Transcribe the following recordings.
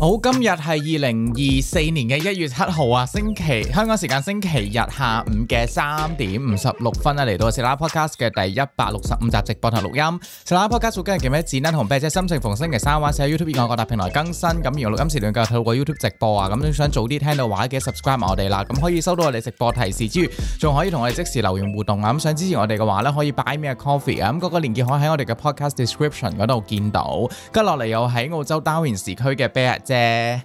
好，今日係二零二四年嘅一月七號啊，星期香港時間星期日下午嘅三點五十六分啊，嚟到《四啦 Podcast》嘅第一百六十五集直播同錄音。《四啦 Podcast》做今日叫咩嘅志同 Betty 心情逢星期三喺 YouTube 以外各大平台更新，咁如果錄音時段就透過 YouTube 直播啊，咁你想早啲聽到話記得 subscribe 埋我哋啦，咁可以收到我哋直播提示，之餘仲可以同我哋即時留言互動啊，咁想支持我哋嘅話呢可以 buy me a coffee 啊，咁嗰個鏈接可喺我哋嘅 Podcast description 嗰度見到。跟落嚟又喺澳洲達爾文時區嘅 Betty 啫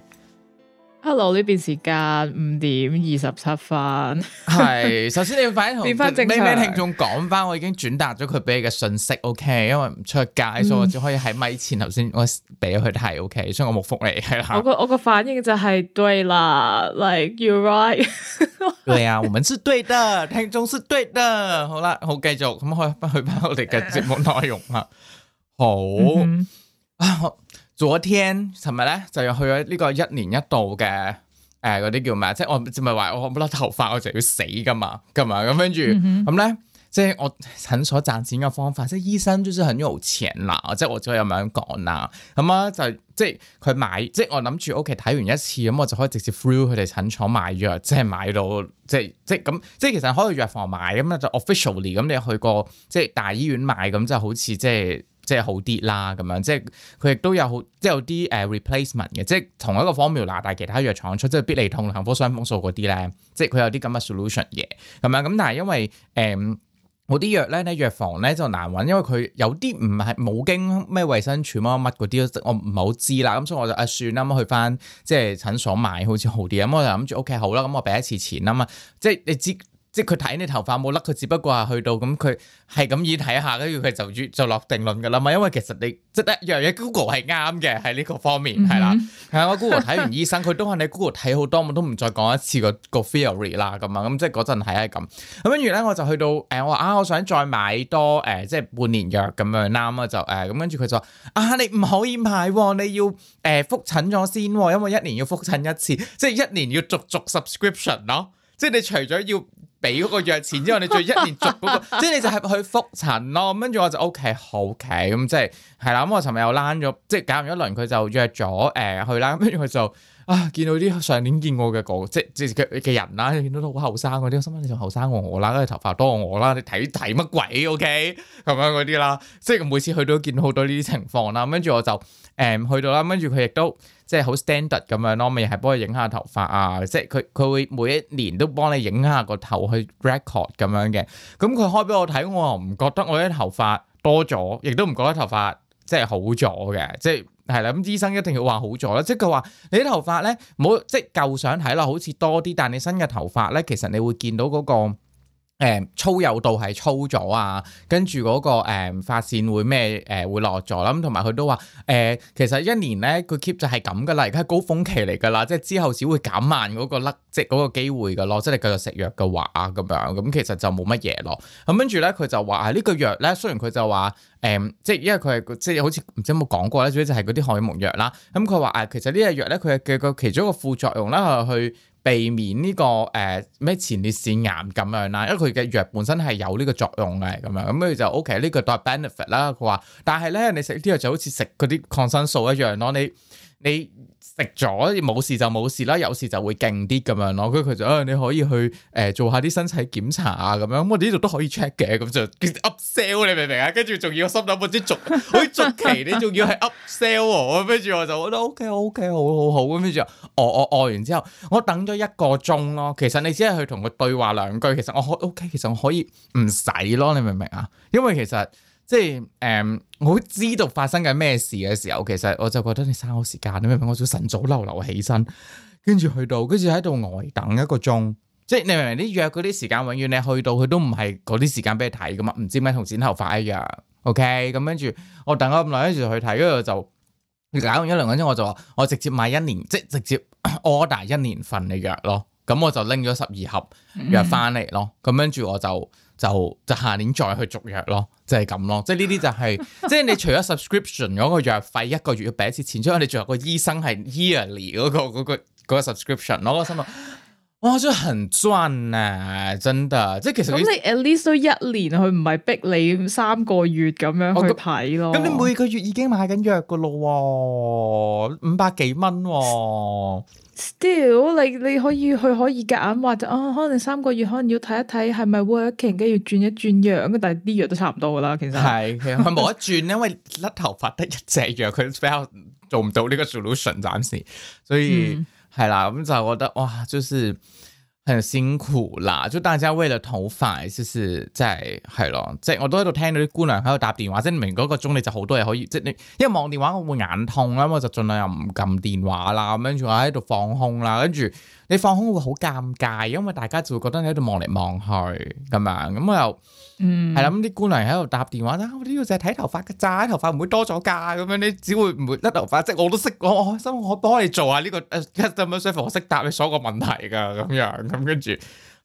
，Hello 呢邊時間五點二十七分，係 首先你要快啲同啲啲聽眾講翻，我已經轉達咗佢俾你嘅信息，OK？因為唔出街，嗯、所以我只可以喺咪前頭先我俾佢睇，OK？所以我冇復你係啦、啊。我個我個反應就係對啦，like, you're right，對呀， 我們是對的，聽眾是對的，好啦，好繼續，咁我翻回翻我哋嘅節目內容啦，好啊。嗯哼 昨天、尋日咧，就去咗呢個一年一度嘅誒嗰啲叫咩？即係我唔係咪話我冇甩頭髮，我就要死噶嘛，咁嘛咁跟住咁咧，呢嗯、哼即係我診所賺錢嘅方法，即係醫生都算很有錢啦。即係我只可以咁樣講啦，咁啊就即係佢買，即係我諗住屋企睇完一次，咁我就可以直接 through 佢哋診所買藥，即係買到即係即係咁，即係其實可以藥房買咁啊，就 officially 咁你去過即係大醫院買咁就好似即係。即係好啲啦，咁樣即係佢亦都有好，即係有啲誒、啊、replacement 嘅，即係同一個 formula，但係其他藥廠出即係必理痛、幸福傷風素嗰啲咧，即係佢有啲咁嘅 solution 嘅，咁樣咁。但係因為誒啲藥咧，咧、呃、藥房咧就難揾，因為佢有啲唔係冇經咩衞生處乜乜嗰啲，我唔係好知啦。咁、嗯、所以我就誒、啊、算啦，去返即係診所買好似好啲。咁、嗯、我就諗住 O.K. 好啦，咁、嗯、我俾一次錢啊嘛、嗯，即係你知。即係佢睇你頭髮冇甩，佢只不過係去到咁，佢係咁意睇下，跟住佢就就落定論嘅啦嘛。因為其實你即係一樣嘢，Google 係啱嘅，係呢個方面係、mm hmm. 啦，係 啊，我 Google 睇完醫生，佢都話你 Google 睇好多，我都唔再講一次個個 theory 啦咁啊，咁、嗯、即係嗰陣係啊咁。咁跟住咧，我就去到誒、呃，我話啊，我想再買多誒、呃，即係半年藥咁樣啦啊。嗯、就誒咁跟住佢就話啊，你唔可以買，啊、你要誒、呃、覆診咗先，因為一年要覆診一次，即係一年要逐逐 subscription 咯，即係、啊、你除咗要。俾嗰個藥錢之後，你再一年續嗰、嗰個， 即係你就係去復診咯。跟住我就 OK 好 k 咁，即係係啦。咁我尋日又躝咗，即係搞完一輪佢就約咗誒去啦。跟住佢就啊見到啲上年見過嘅個，即係即嘅人啦，見到都好後生嗰啲。我心諗你仲後生喎，我跟住頭髮多過我啦。你睇睇乜鬼 OK 咁樣嗰啲啦。即係每次去都見到好多呢啲情況啦。跟住我就誒、嗯、去到啦。跟住佢亦都。即係好 standard 咁樣咯，咪係幫佢影下頭髮啊！即係佢佢會每一年都幫你影下個頭去 record 咁樣嘅。咁佢開俾我睇，我又唔覺得我啲頭髮多咗，亦都唔覺得頭髮即係好咗嘅。即係係啦，咁醫生一定要話好咗啦。即係佢話你啲頭髮咧，冇，即係舊相睇落，好似多啲，但係你新嘅頭髮咧，其實你會見到嗰個。誒、嗯，粗有度係粗咗啊，跟住嗰、那個誒、嗯、髮線會咩誒、嗯、會落咗啦，咁同埋佢都話誒、呃，其實一年咧佢 keep 就係咁噶啦，而家係高峰期嚟噶啦，即係之後只會減慢嗰、那個甩即嗰個機會噶咯，即係繼續食藥嘅話咁樣，咁、嗯、其實就冇乜嘢咯。咁跟住咧，佢就話啊、這個、藥呢個藥咧，雖然佢就話誒、嗯，即係因為佢係即係好似唔知有冇講過咧，主要就係嗰啲荷爾蒙藥啦。咁佢話啊，其實個藥呢隻藥咧，佢嘅個其中一個副作用啦係去。避免呢個誒咩、呃、前列腺癌咁樣啦，因為佢嘅藥本身係有呢個作用嘅，咁樣，咁佢就 OK 呢個都係 benefit 啦。佢話，但係咧你食呢個就好似食嗰啲抗生素一樣咯，你你。食咗冇事就冇事啦，有事就會勁啲咁樣咯。跟住佢就、哎，你可以去誒、呃、做下啲身體檢查啊咁樣，我哋呢度都可以 check 嘅。咁就 up sell 你明唔明、就是、 啊？跟住仲要心諗，我知續可續期，你仲要係 up sell 我。跟住我就覺得 O K O K 好好好。跟住我我我完之後，我等咗一個鐘咯。其實你只係去同佢對話兩句，其實我可 O K，其實我可以唔使咯。你明唔明啊？因為其實。即係，誒、嗯，我知道發生緊咩事嘅時候，其實我就覺得你嘥我時間，你明唔明？我早晨早流流起身，跟住去到，跟住喺度呆等一個鐘。即係你明明啲藥嗰啲時間，永遠你去到佢都唔係嗰啲時間俾你睇噶嘛，唔知咩同剪頭髮一樣。OK，咁跟住我等咗咁耐，跟住就去睇，跟住就搞完一兩分鐘，我就話我直接買一年，即係直接 order 一年份嘅藥咯。咁我就拎咗十二盒藥翻嚟咯。咁跟住我就。就就下年再去續約咯，就係、是、咁咯，即係呢啲就係、是， 即係你除咗 subscription 嗰個藥費一個月要俾一次錢，所以你仲有個醫生係 Yearly 嗰、那個嗰 subscription。嗱我心諗，那個那個 哇，真係、哦、很賺咧、啊！真的，即係其實咁你 at least 都一年，佢唔係逼你三個月咁樣去睇咯。咁、哦、你每個月已經買緊藥噶咯，哇，五百幾蚊喎。Still，你你可以去可以夾硬，或者啊，可能三個月可能要睇一睇係咪 working，跟住轉一轉藥，但係啲藥都差唔多噶啦。其實係，佢冇得轉， 因為甩頭髮得一隻藥，佢比較做唔到呢個 solution 暫時，所以。嗯係啦，我就係覺得哇，就是很辛苦啦。就大家為了頭快，就是在係咯，即我都喺度聽到啲姑娘喺度搭電話，即係明嗰個鐘你就好多嘢可以。即係你因為望電話我會眼痛啦，我就盡量又唔撳電話啦，咁樣仲話喺度放空啦。跟住你放空會好尷尬，因為大家就會覺得你喺度望嚟望去咁樣，咁我又。嗯，係啦，咁啲姑娘喺度搭電話啦，我都要就係睇頭髮嘅咋，頭髮唔會多咗架，咁樣你只會唔會甩頭髮？即係我都識，我開心我幫你做下，啊，呢，這個誒，咁，啊，樣，啊啊啊啊啊啊，我識答你所有個問題噶，咁樣咁跟住。.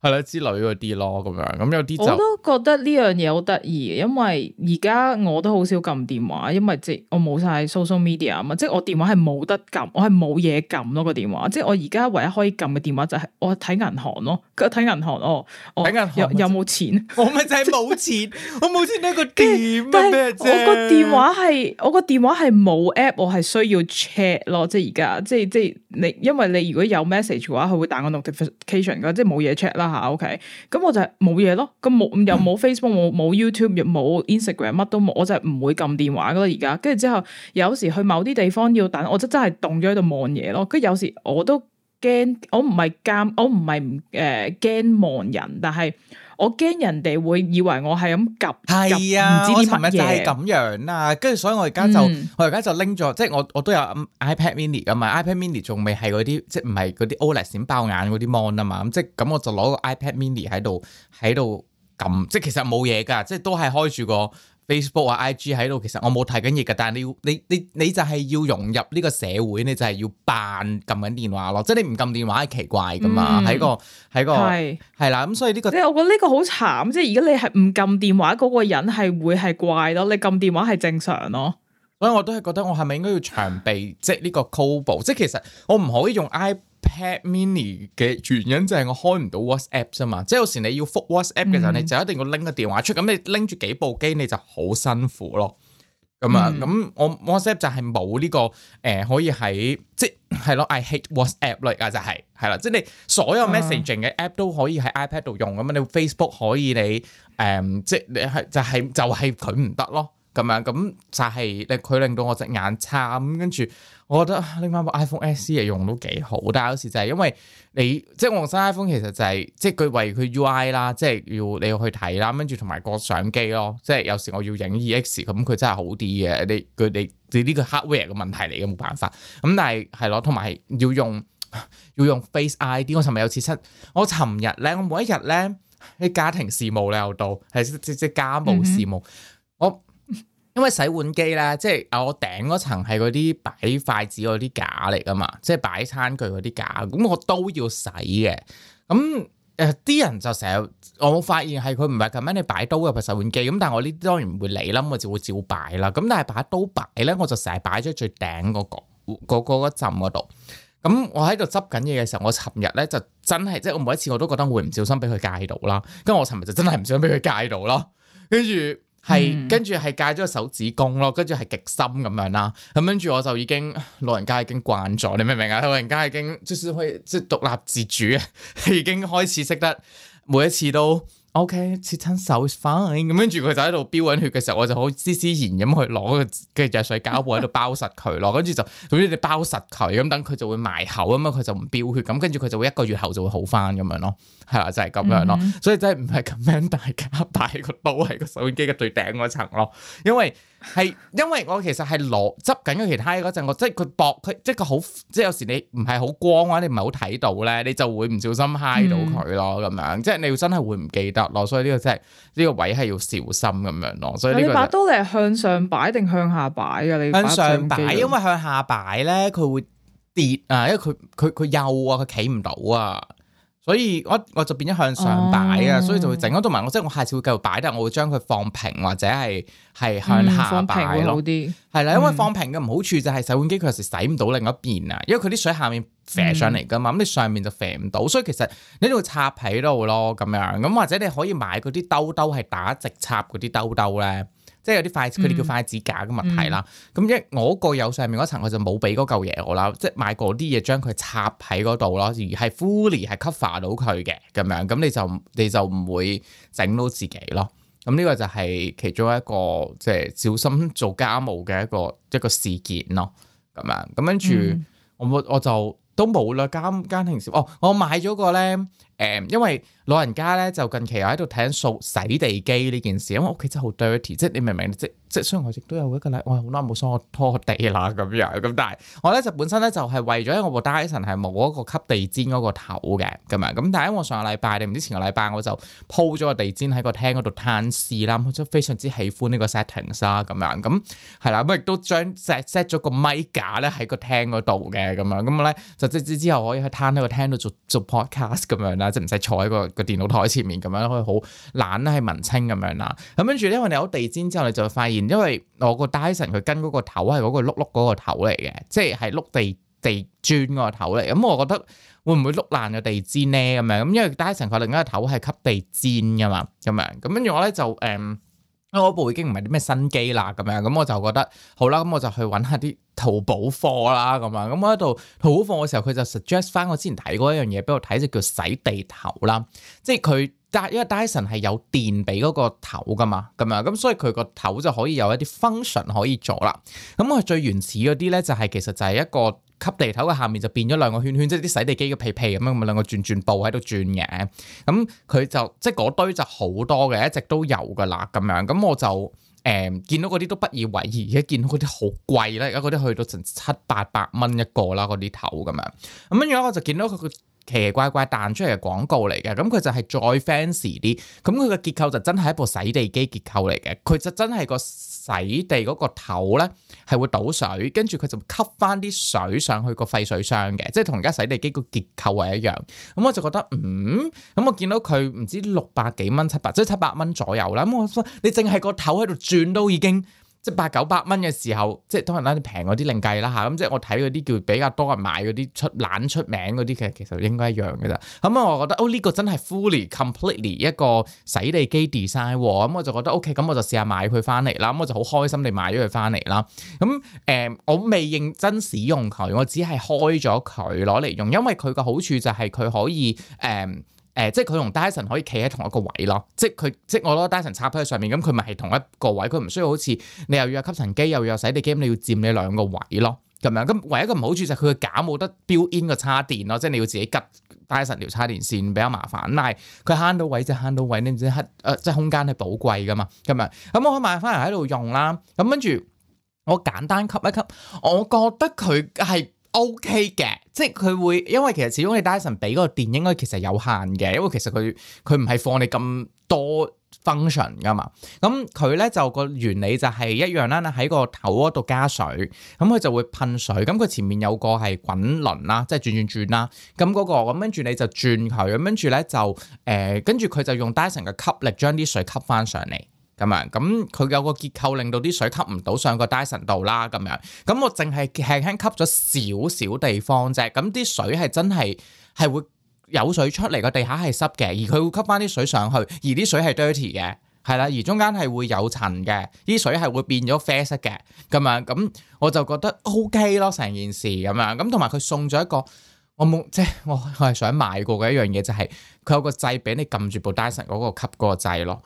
係啦，之類嗰啲咯，咁樣咁有啲。我都覺得呢樣嘢好得意，因為而家我都好少撳電話，因為即我冇晒 social media 啊嘛，即我電話係冇得撳，我係冇嘢撳咯個電話。即我而家唯一可以撳嘅電話就係我睇銀行咯，佢睇銀行哦，睇銀行、哦、睇銀行有冇錢？我咪就係冇錢， 我冇錢呢個點咩？是我個電話係我個電話係冇 app，我係需要 check 咯，即而家即即你因為你如果有 message 嘅話，佢會彈個 notification 㗎，即冇嘢 check 啦。吓，OK，咁我就係冇嘢咯，咁冇又冇 Facebook，冇冇 YouTube，又冇 Instagram，乜都冇，我就係唔會撳電話㗎咯而家，跟住之後有時去某啲地方要等，我真真係凍咗喺度望嘢咯，跟住有時我都驚，我唔係驚，我唔係唔誒驚望人，但係。我驚人哋會以為我係咁撳，係啊，唔知啲乜嘢咁樣啊。跟住所以我，嗯、我而家就我而家就拎咗，即係我我都有 iPad mini 噶嘛，iPad mini 仲未係嗰啲，即係唔係嗰啲 OLED 閃爆眼嗰啲 mon 啊嘛。咁即係咁，我就攞個 iPad mini 喺度喺度撳，即係其實冇嘢噶，即係都係開住個。Facebook 啊，IG 喺度，其實我冇睇緊嘢噶，但係你要你你你就係要融入呢個社會，你就係要扮撳緊電話咯，即係你唔撳電話係奇怪噶嘛，喺個喺個係係啦，咁所以呢個即係我覺得呢個好慘，即係如果你係唔撳電話嗰個人係會係怪咯，你撳電話係正常咯，所以我都係覺得我係咪應該要長備即係呢個 cover，即係其實我唔可以用 I。Pad mini 嘅原因就係我開唔到 WhatsApp 啫嘛，即係有時你要復 WhatsApp 嘅時候，嗯、你就一定要拎個電話出，咁你拎住幾部機你就好辛苦咯，咁啊、嗯，咁我 WhatsApp 就係冇呢個誒、呃、可以喺即係咯，I hate WhatsApp 嚟㗎，就係係啦，即係你所有 Messaging 嘅 app 都可以喺 iPad 度用，咁啊你 Facebook 可以你誒，即係你係就係就係佢唔得咯。咁樣咁就係令佢令到我隻眼差咁，跟、嗯、住我覺得拎翻部 iPhone SE 係用都幾好，但係有時就係、是、因為你即係我用新 iPhone 其實就係即係佢為佢 UI 啦，即係要你要去睇啦，跟住同埋個相機咯，即係有時我要影 E X 咁佢真係好啲嘅，你佢你你呢個 hardware 嘅問題嚟嘅，冇辦法，咁、嗯、但係係咯，同埋要用要用 Face ID，我尋日有次出，我尋日咧我每一日咧啲家庭事務你又到係即即家務事務，嗯、哼我。因為洗碗機咧，即係我頂嗰層係嗰啲擺筷子嗰啲架嚟㗎嘛，即係擺餐具嗰啲架，咁我都要洗嘅。咁誒，啲、呃、人就成日，我發現係佢唔係咁樣擺，你擺刀入去洗碗機，咁但係我呢啲當然唔會理啦，我就會照擺啦。咁但係擺刀擺咧，我就成日擺咗最頂嗰個嗰嗰嗰浸嗰度。咁我喺度執緊嘢嘅時候，我尋日咧就真係，即係我每一次我都覺得會唔小心俾佢戒到啦。咁我尋日就真係唔想俾佢戒到咯，跟住。係跟住係戒咗個手指公咯，跟住係極深咁樣啦，咁跟住我就已經老人家已經慣咗，你明唔明啊？老人家已經即使可以即係獨立自主啊，已經開始識得每一次都。O K，切親手返，咁跟住佢就喺度飆緊血嘅時候，我就好斯斯然咁去攞個跟住藥水膠布喺度包實佢咯，跟住就總之你包實佢咁，等佢就會埋口咁啊，佢就唔飆血，咁跟住佢就會一個月後就會好翻咁樣咯，係啊、yeah, like so，就係咁樣咯，所以真係唔係咁樣，大家擺大個刀喺個手機嘅最頂嗰層咯，因為。係，因為我其實係攞執緊咗其 h i 嗰陣，我即係佢薄佢，即係佢好，即係有時你唔係好光啊，你唔係好睇到咧，你就會唔小心嗨到佢咯，咁、嗯、樣即係你要真係會唔記得咯，所以呢個即係呢個位係要小心咁樣咯。所以、就是、你把刀你係向上擺定向下擺噶？你向上擺，因為向下擺咧佢會跌啊，因為佢佢佢幼啊，佢企唔到啊。所以我我就變咗向上擺啊，哦、所以就會整嗰度埋。我即係我下次會繼續擺，但係我會將佢放平或者係係向下擺咯。係啦、嗯，因為放平嘅唔好處就係洗碗機佢有時洗唔到另一邊啊，因為佢啲水下面射上嚟噶嘛，咁你上面就射唔到，嗯嗯、所以其實你仲要插喺度咯咁樣。咁或者你可以買嗰啲兜兜係打直插嗰啲兜兜咧。即係有啲筷子，佢哋叫筷子架嘅問題啦。咁一、嗯嗯、我個右上面嗰層我就冇俾嗰嚿嘢我啦，即係買嗰啲嘢將佢插喺嗰度咯，而係 fully 係 cover 到佢嘅咁樣。咁你就你就唔會整到自己咯。咁呢個就係其中一個即係、就是、小心做家務嘅一個一個事件咯。咁樣咁跟住我我就都冇啦。家家庭小哦，我買咗個咧。誒，因為老人家咧就近期又喺度聽掃洗地機呢件事，因為屋企真係好 dirty，即係你明唔明？即即係雖然我亦都有一個禮，哎、我好耐冇掃拖地啦咁樣，咁但係我咧就本身咧就係、是、為咗我部 Dyson 係冇一個吸地氈嗰個頭嘅，咁樣，咁但係我上個禮拜定唔知前個禮拜，我就鋪咗個地氈喺個廳嗰度攤屍啦，即係非常之喜歡呢個 settings 啊咁樣，咁係啦，咁亦都將 set set 咗個咪架咧喺個廳嗰度嘅，咁樣，咁咧就即之之後可以喺攤喺個廳度做,做 podcast 咁樣啦。即係唔使坐喺個個電腦台前面咁樣，可以好懶係文青咁樣啦。咁跟住咧，因為你有地氈之後，你就會發現，因為我個 Dyson 佢跟嗰個頭係嗰個碌碌嗰個頭嚟嘅，即係碌地地磚嗰個頭嚟。咁我覺得會唔會碌爛咗地氈咧？咁樣咁，因為 Dyson 佢另一個頭係吸地氈噶嘛，咁樣咁跟住我咧就誒。嗯那我那部已經唔係啲咩新機啦，咁樣咁我就覺得好啦，咁我就去揾下啲淘寶貨啦，咁樣，咁我喺度淘寶貨嘅時候，佢就 suggest 翻我之前睇過一樣嘢俾我睇，就叫洗地頭啦，即係佢戴，因為 Dyson 係有電俾嗰個頭噶嘛，咁樣，咁所以佢個頭就可以有一啲 function 可以做啦。咁我最原始嗰啲咧，就係、是、其實就係一個。吸地頭嘅下面就變咗兩個圈圈，即係啲洗地機嘅屁屁咁樣，咁啊兩個轉轉布喺度轉嘅，咁、嗯、佢就即係嗰堆就好多嘅，一直都有噶啦，咁樣，咁、嗯、我就誒、嗯、見到嗰啲都不以為意，而家見到嗰啲好貴啦，而家嗰啲去到成七八百蚊一個啦，嗰啲頭咁樣，咁樣而家我就見到佢。奇奇怪怪彈出嚟嘅廣告嚟嘅，咁佢就係再 fancy 啲，咁佢嘅結構就真係一部洗地機結構嚟嘅，佢就真係個洗地嗰個頭咧係會倒水，跟住佢就吸翻啲水上去個廢水箱嘅，即係同而家洗地機個結構係一樣。咁、嗯、我就覺得，嗯，咁、嗯、我見到佢唔知六百幾蚊、七百即係七百蚊左右啦。咁、嗯、我，你淨係個頭喺度轉都已經。即係八九百蚊嘅時候，即係當然嗱啲平嗰啲另計啦嚇，咁、嗯、即係我睇嗰啲叫比較多人買嗰啲出冷出名嗰啲，其實其實應該一樣嘅咋。咁、嗯、啊，我覺得哦呢個真係 fully completely 一個洗地機 design 咁、啊嗯、我就覺得 OK，咁、嗯、我就試下買佢翻嚟啦。咁、嗯、我就好開心地買咗佢翻嚟啦。咁、嗯、誒，我未認真使用佢，我只係開咗佢攞嚟用，因為佢嘅好處就係佢可以誒。嗯誒、呃，即係佢同 Dyson 可以企喺同一個位咯，即係佢，即係我攞 Dyson 插喺上面，咁佢咪係同一個位，佢唔需要好似你又要有吸塵機，又要有洗地機，你要佔你兩個位咯，咁樣。咁唯一一個唔好處就係佢嘅架冇得 build-in 個叉電咯，即係你要自己吉 Dyson 條叉電線比較麻煩。但係佢慳到位即慳到位，你唔知、呃、即係空間係寶貴噶嘛，咁樣。咁我可買翻嚟喺度用啦，咁跟住我簡單吸一吸，我覺得佢係。OK 嘅，即係佢會，因為其實始終你戴森俾嗰個電應該其實有限嘅，因為其實佢佢唔係放你咁多 function 噶嘛。咁佢咧就個原理就係一樣啦，喺個頭嗰度加水，咁、嗯、佢就會噴水。咁、嗯、佢前面有個係滾輪啦，即係轉轉轉啦。咁、嗯、嗰、那個咁跟住你就轉佢，咁跟住咧就誒，跟住佢就、呃、就用戴森嘅吸力將啲水吸翻上嚟。咁樣，咁佢有個結構令到啲水吸唔到上個 Dyson 度啦。咁樣，咁我淨係輕輕吸咗少少地方啫。咁啲水係真係係會有水出嚟，個地下係濕嘅，而佢會吸翻啲水上去，而啲水係 dirty 嘅，係啦。而中間係會有塵嘅，啲水係會變咗啡色嘅。咁啊，咁我就覺得 OK 咯，成件事咁樣。咁同埋佢送咗一個我冇即係我係想買過嘅一樣嘢，就係佢有個掣俾你撳住部 Dyson 嗰個吸嗰個掣咯。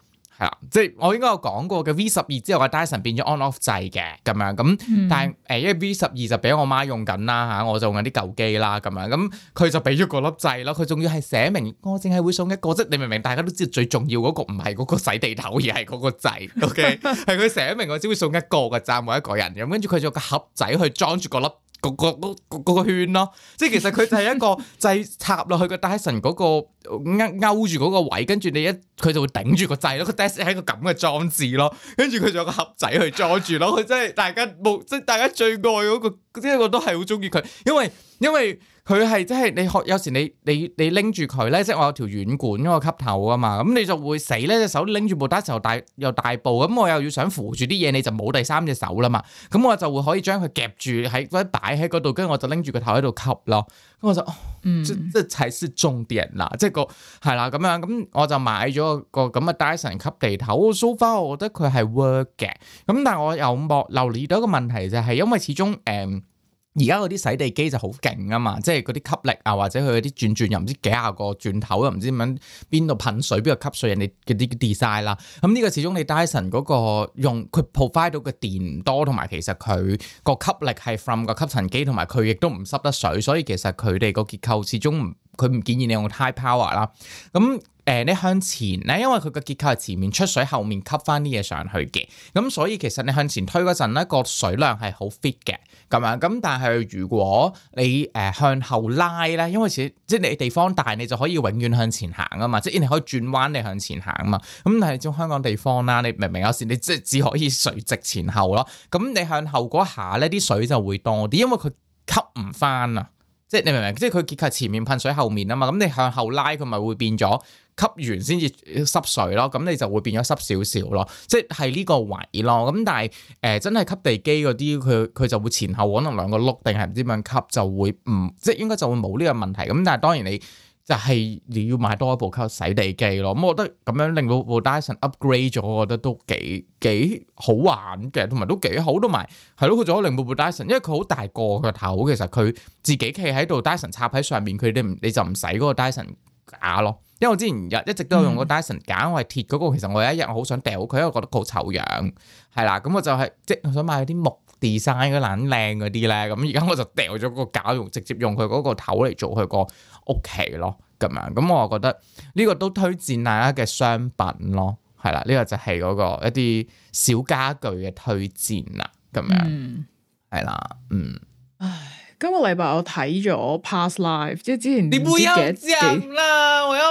即係我應該有講過嘅 V 十二之後嘅 Dyson 變咗 on-off 掣嘅，咁樣咁，但係誒、嗯、因為 V 十二就俾我媽用緊啦吓，我就用緊啲舊機啦咁樣咁，佢就俾咗個粒掣咯，佢仲要係寫明我淨係會送一個，即你明唔明？大家都知道最重要嗰個唔係嗰個洗地頭而係嗰個掣，OK？係佢寫明我只會送一個嘅，站每一個人，咁跟住佢仲有個盒仔去裝住個粒。個個個個圈咯，即係其實佢就係一個掣，就是，插落去 d，嗰個 Dyson 嗰個勾住嗰個位，跟住你一佢就會頂住個掣咯。個 Dyson 係一個咁嘅裝置咯，跟住佢仲有個盒仔去裝住咯。佢真係大家冇即係大家最愛嗰即係呢個都係好中意佢，因為因為。佢係即係你學有時你你你拎住佢咧，即係我有條軟管嗰個吸頭㗎嘛，咁、嗯、你就會死咧隻手拎住部 Dyson 又大又大步，咁、嗯、我又要想扶住啲嘢，你就冇第三隻手啦嘛，咁我就會可以將佢夾住喺嗰擺喺嗰度，跟住我就拎住個頭喺度吸咯。咁我就即係即係才是重點啦，即係個係啦咁樣，咁我就買咗個咁嘅 Dyson 吸地頭。so far，我覺得佢係 work 嘅，咁、嗯、但係我又冇留意到一個問題就係因為始終誒。嗯而家嗰啲洗地機就好勁啊嘛，即係嗰啲吸力啊，或者佢嗰啲轉轉又唔知幾十個轉頭，又唔知點樣邊度噴水邊度吸水人哋嘅啲 design 啦。咁、嗯、呢、這個始終你 Dyson 嗰個用佢 provide 到嘅電唔多，同埋其實佢個吸力係 from 個吸塵機，同埋佢亦都唔濕得水，所以其實佢哋個結構始終唔。佢唔建議你用 high power 啦，咁誒、呃、你向前咧，因為佢個結構係前面出水，後面吸翻啲嘢上去嘅，咁所以其實你向前推嗰陣咧，個水量係好 fit 嘅，咁啊，咁但係如果你誒、呃、向後拉咧，因為其實即係你地方大，你就可以永遠向前行啊嘛，即係你可以轉彎，你向前行啊嘛，咁但係做香港地方啦、啊，你明唔明，有時你即係只可以垂直前後咯，咁你向後嗰下咧，啲水就會多啲，因為佢吸唔翻啊。即係你明唔明？即係佢結構前面噴水，後面啊嘛，咁你向後拉佢咪會變咗吸完先至濕水咯，咁你就會變咗濕少少咯。即係呢個位咯。咁但係誒、呃、真係吸地機嗰啲，佢佢就會前後可能兩個轆定係唔知點樣吸，就會唔即係應該就會冇呢個問題。咁但係當然你。就係你要買多一部吸洗地機咯，咁我覺得咁樣令到部 Dyson upgrade 咗，我覺得都幾幾好玩嘅，同埋都幾好，同埋係咯，佢仲可以令部部 Dyson，因為佢好大個，佢個頭，其實佢自己企喺度，Dyson 插喺上面，佢哋唔你就唔使嗰個 Dyson 架咯。因為我之前日一直都有用個 Dyson 架，嗯、我係鐵嗰、嗰個，其實我有一日我好想掉佢，因為覺得好醜樣，係啦。咁我就係、是、即係想買啲木 design 嗰啲懶靚嗰啲咧，咁而家我就掉咗個架，用直接用佢嗰個頭嚟做佢個。屋企咯，咁樣，咁我覺得呢個都推薦大家嘅商品咯，係啦，呢個就係嗰個一啲小家具嘅推薦啦，咁樣，係啦，嗯。唉，今個禮拜我睇咗 Past Life 即係之前你唔有。得之後啦，我要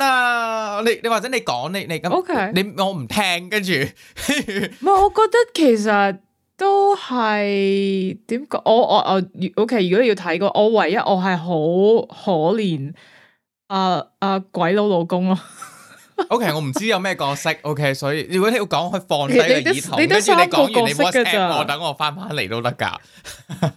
啊！你你或者你講你你咁，OK，你我唔聽跟住，唔係 我覺得其實。都係點講？我我我，OK，如果你要睇過，我唯一我係好可憐，啊、呃、啊、呃、鬼佬老公咯。 o、okay, K，我唔知有咩角色，O、okay, K，所以如果你要講佢放低個耳筒你講的完你 WhatsApp 我，等我翻翻嚟都得噶。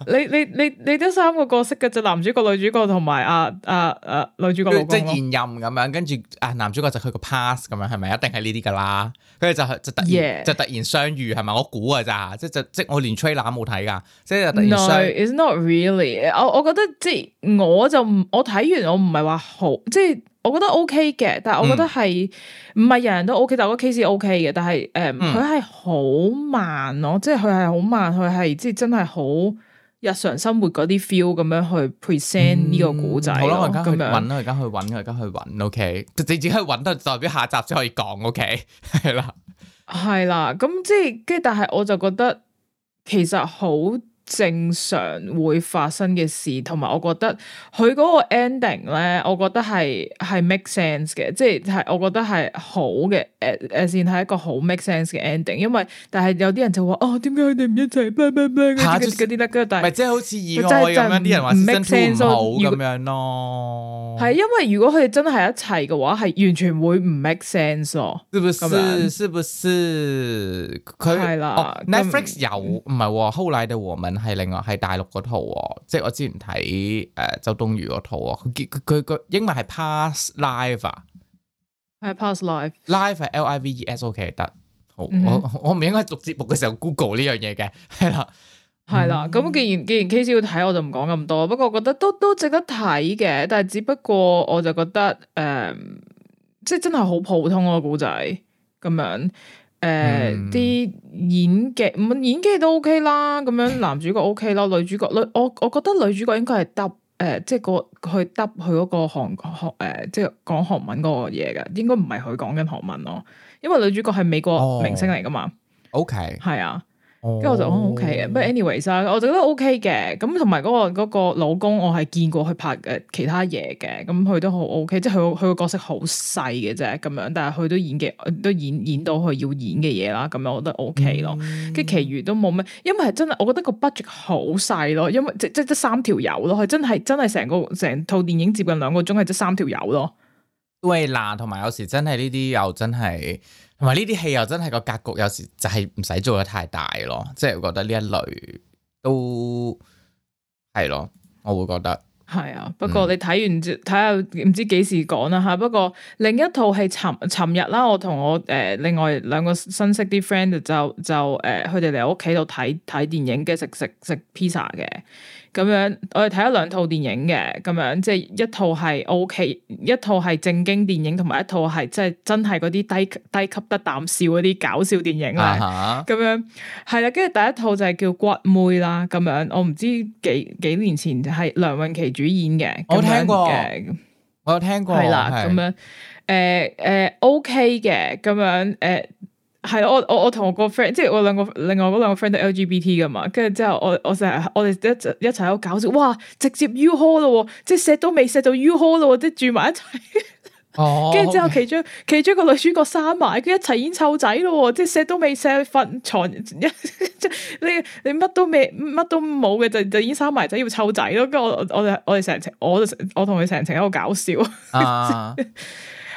你你你你都三個角色噶啫，男主角、女主角同埋阿阿阿女主角老公咯。 即現任咁樣，跟住啊男主角就佢個 past 咁樣，係咪一定係呢啲噶啦？跟住就係就，就突然 Yeah. 就突然相遇係咪？我估噶咋？即即即我連 trailer 冇睇噶，即係突然相 No, it's not really 我。我我覺得即我，我就我睇完我唔係話好即。就是我覺得 OK 嘅，但係我覺得係唔係人人都 OK，但係個 case OK 嘅，但係誒佢係好慢咯，即係佢係好慢，佢係即係真係好日常生活嗰啲 feel 咁樣去 present 呢、嗯、個故仔咯。咁樣，而家去搵、而家去搵、而家去搵，OK，即係只可搵得，自己自己代表下集先可以講，OK，係 啦 係啦，咁即係，跟住但係我就覺得其實好。正常會發生嘅事，同埋我覺得佢嗰個 ending 咧，我覺得係係 make sense 嘅，即係係我覺得係好嘅，誒誒先係一個好 make sense 嘅 ending。因為但係有啲人就話哦，點解佢哋唔一齊？咩咩咩嗰啲嗰啲得㗎？但係即係好似意外咁樣，啲人話唔 make sense 好咁樣咯。係因為如果佢哋真係一齊嘅話，係完全會唔 make sense 咯。是不是？是不是？佢哦那 Netflix 有唔係我後來的我們。係另外係大陸嗰套喎，即係我之前睇誒、呃、周冬雨嗰套啊，佢佢佢英文係 pass live 啊，係 pass live，live 係 L I V E S O K 得，好、嗯、我我唔應該讀節目嘅時候 Google 呢樣嘢嘅，係啦係啦，咁既然既然 KC 要睇，我就唔講咁多。不過我覺得都都值得睇嘅，但係只不過我就覺得誒、嗯，即係真係好普通咯、啊，故仔咁樣。誒，啲、呃嗯、演技唔演技都 OK 啦，咁樣男主角 OK 咯，女主角女我我覺得女主角應該係得誒，即係個去得佢嗰個韓學誒、呃，即係講韓文嗰個嘢嘅，應該唔係佢講緊韓文咯，因為女主角係美國明星嚟噶嘛、哦、，OK 係啊。跟住我就，我 OK 嘅，不過 anyways 啊，我就覺得 OK 嘅，咁同埋嗰個、嗰個老公，我係見過佢拍誒其他嘢嘅，咁佢都好 OK，即係佢佢個角色好細嘅啫，咁樣，但係佢都演技都演演到佢要演嘅嘢啦，咁樣我覺得 OK 咯，跟住其餘都冇咩，因為真係，我覺得個 budget 好細咯，因為，得因為即即即三條友咯，佢真係真係成個成套電影接近兩個鐘係得三條友咯，喂，嗱，同埋有時真係呢啲又真係。同埋呢啲戲又真係個格局，有時就係唔使做得太大咯，即係我覺得呢一類都係咯，我會覺得係啊。嗯、不過你睇完，睇下唔知幾時講啦吓。不過另一套戲，尋尋日啦，我同我誒、呃、另外兩個新識啲 friend 就就誒，佢哋嚟我屋企度睇睇電影嘅，食食食 pizza 嘅。咁樣我哋睇咗兩套電影嘅，咁樣即係一套係 O K，一套係正經電影，同埋一套係即係真係嗰啲低低級得啖笑嗰啲搞笑電影咧，咁、uh huh. 樣係啦。跟住第一套就係叫骨妹啦，咁樣我唔知幾幾年前係梁詠琪主演嘅，我聽過，我有聽過，係啦，咁 okay. 樣誒誒 O K 嘅，咁、呃呃 okay、樣誒。呃係我我我同我個 friend，即係我兩個另外嗰兩個 friend 都 LGBT 㗎嘛，跟住之後我我成日我哋一一齊喺度搞笑，哇！直接 U haul 咯，即係錫都未錫到 U haul 咯，即係住埋一齊。哦。跟住之後其中其中一個女主角生埋，佢一齊煙湊仔咯，即係錫都未錫，瞓床，一 你你乜都咩乜都冇嘅，就就已經生埋仔要湊仔咯。跟住我我哋我哋成程，我我同佢成程喺度搞笑。Uh huh.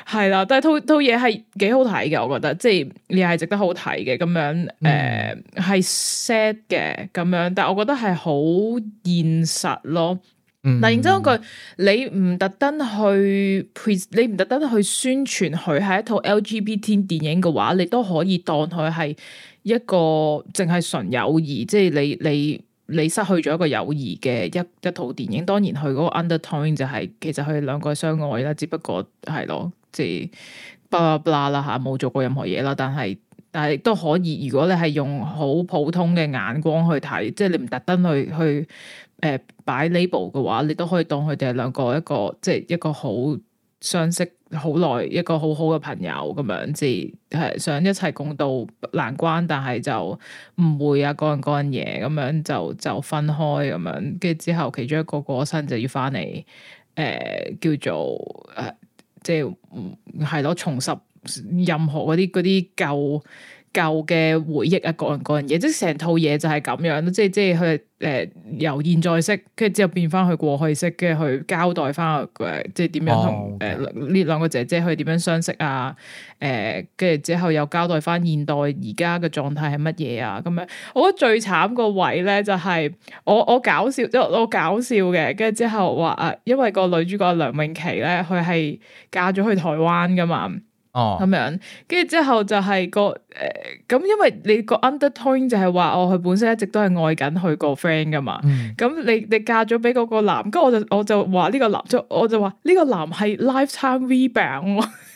係啦，但係套套嘢係幾好睇嘅，我覺得，即係你係值得好睇嘅咁樣，誒係、嗯呃、sad 嘅咁樣，但係我覺得係好現實咯。嗱、嗯，認真講句，你唔特登去 pre-，你唔特登去宣傳佢係一套 LGBT 電影嘅話，你都可以當佢係一個淨係純友誼，即係你你你失去咗一個友誼嘅一一套電影。當然，佢嗰個 undertone 就係、是、其實佢兩個相愛啦，只不過係咯。即係巴拉巴拉啦，吓，冇做過任何嘢啦，但係但係亦都可以。如果你係用好普通嘅眼光去睇，即係你唔特登去去誒擺 label 嘅話，你都可以當佢哋係兩個一個，即係一個好相識好耐一個好好嘅朋友咁樣。字，係想一齊共度難關，但係就唔會啊，嗰陣嗰陣嘢咁樣就，就就分開咁樣。跟住之後其中一個過身就要翻嚟誒叫做誒。呃即係，係咯，重拾任何嗰啲嗰啲舊。舊嘅回憶啊，各人各人嘢，即成套嘢就係咁樣。即即係佢誒，由現在式，跟住之後變翻去過去式，跟住去交代翻誒，即係點樣同誒呢兩個姐姐去點樣相識啊？誒、呃，跟住之後又交代翻現代而家嘅狀態係乜嘢啊？咁樣，我覺得最慘個位咧就係、是、我我搞笑即係我搞笑嘅，跟住之後話啊，因為個女主角梁詠琪咧，佢係嫁咗去台灣噶嘛。哦，咁樣，跟住之後就係個誒，咁、呃、因為你個 undertone 就係話哦，佢本身一直都係愛緊佢個 friend 噶嘛，咁、嗯、你你嫁咗俾嗰個男，跟住我就我就話呢個男，就我就話呢個男係 lifetime rebound。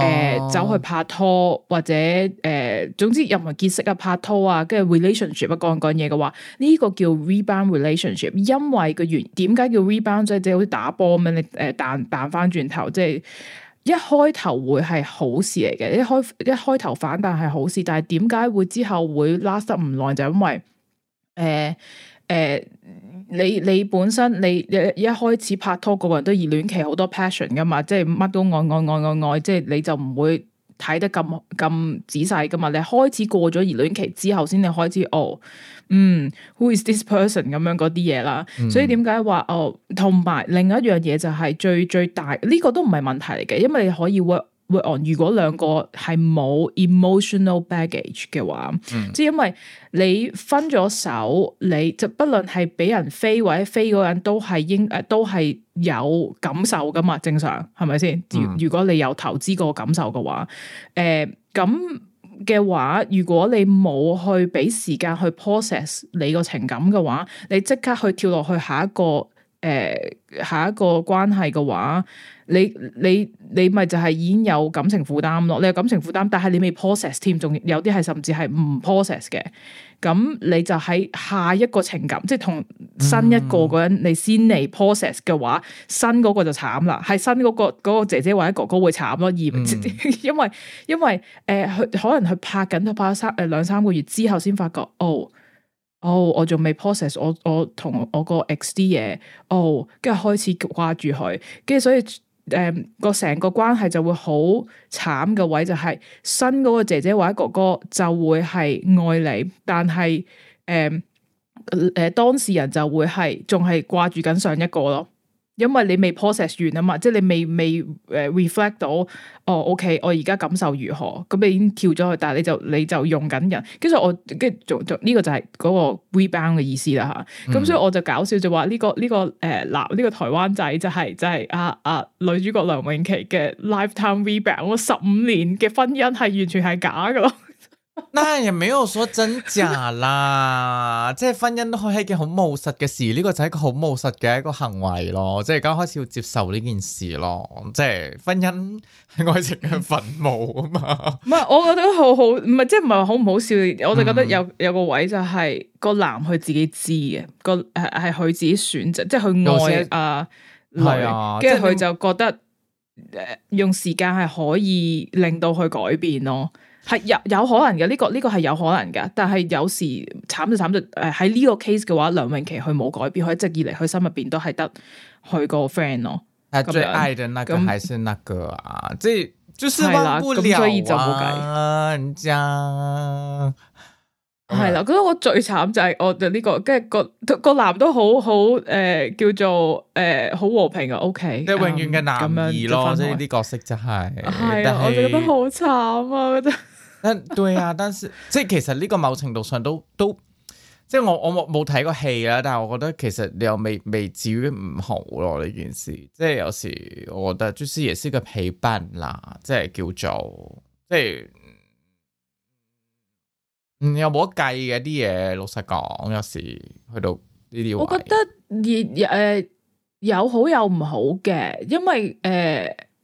誒、嗯呃，走去拍拖或者誒、呃，總之任何結識啊，拍拖啊，跟住 relationship 講、啊、講嘢、那、嘅、個、話，呢、這個叫 rebound relationship，因為個原點解叫 rebound，即係即係好似打波咁樣，你誒彈彈翻轉頭，即係一開頭會係好事嚟嘅，一開一開頭反彈係好事，但係點解會之後會 last 得唔耐，就因為誒誒。呃呃你你本身你一一開始拍拖，個個人都熱戀期，好多 passion 噶嘛，即係乜都愛愛愛愛愛，即係你就唔會睇得咁咁仔細噶嘛。你開始過咗熱戀期之後，先你開始哦，嗯，who is this person 咁樣嗰啲嘢啦。嗯、所以點解話哦？同埋另一樣嘢就係最最大呢、呢個都唔係問題嚟嘅，因為你可以 work。w 如果兩個係冇 emotional baggage 嘅話，嗯、即係因為你分咗手，你就不論係俾人飛或者飛嗰人都係應誒、呃、都係有感受㗎嘛，正常係咪先？嗯、如果你有投資過感受嘅話，誒咁嘅話，如果你冇去俾時間去 process 你個情感嘅話，你即刻去跳落去下一個。誒，下一個關係嘅話，你你你咪就係已經有感情負擔咯，你有感情負擔，但係你未 process 添，仲有啲係甚至係唔 process 嘅，咁你就喺下一個情感，即係同新一個嗰人、嗯、你先嚟 process 嘅話，新嗰個就慘啦，係新嗰、嗰個、嗰個姐姐或者哥哥會慘咯，而、嗯、 因為因為誒，佢、呃、可能佢拍緊，佢拍咗三誒兩三個月之後先發覺哦。哦、oh，我仲未 process，我我同我個 ex 啲嘢，哦，跟住開始掛住佢，跟住所以誒個成個關係就會好慘嘅位就係、是、新嗰個姐姐或者哥哥就會係愛你，但係誒誒當事人就會係仲係掛住緊上一個咯。因為你未 process 完啊嘛，即係你未未誒 reflect 到哦，OK，我而家感受如何？咁你已經跳咗去，但係你就你就用緊人，跟住我跟住做做呢個就係嗰個 rebound 嘅意思啦吓。咁、嗯、所以我就搞笑就話呢、這個呢、這個誒，嗱、呃、呢、這個台灣仔就係、是、就係阿阿女主角梁詠琪嘅 lifetime rebound，我十五年嘅婚姻係完全係假㗎囉。那也、 哎、沒有說真假啦， 即係婚姻都可係一件好務實嘅事，呢、這個就係一個好務實嘅一個行為咯，即係而家開始要接受呢件事咯，即係婚姻係愛情嘅墳墓啊嘛。唔係， 我覺得好好，唔係，即係唔係好唔好笑，我就覺得有、嗯、有個位就係、是、個男佢自己知嘅，個係係佢自己選擇，即係佢愛阿女，跟住佢就覺得誒用時間係可以令到佢改變咯。 係有有可能嘅，呢、這個呢、這個係有可能嘅，但係有時慘就慘就，誒喺呢個 case 嘅話，梁詠琪佢冇改變，佢一直以嚟佢心入邊都係得佢個 friend 咯。佢、啊啊、最愛的那個還是那個啊，這、嗯、就係啦，咁所以就冇計啦。人家係啦，覺得我最慘就係我就呢個，跟住個個男都好好誒，叫做誒好和平嘅屋企，即係永遠嘅男二咯，即係啲角色真係，係我覺得好慘啊，覺得。 誒， 對啊，但是即係其實呢個某程度上都都，即係我我冇冇睇過戲啊，但係我覺得其實你又未未至於唔好咯，啊，呢件事，即係有時我覺得就是也是一個陪伴啦，即係叫做即係，嗯，又冇得計嘅啲嘢，老實講，有時去到呢啲，我覺得而誒，呃、有好有唔好嘅，因為誒。呃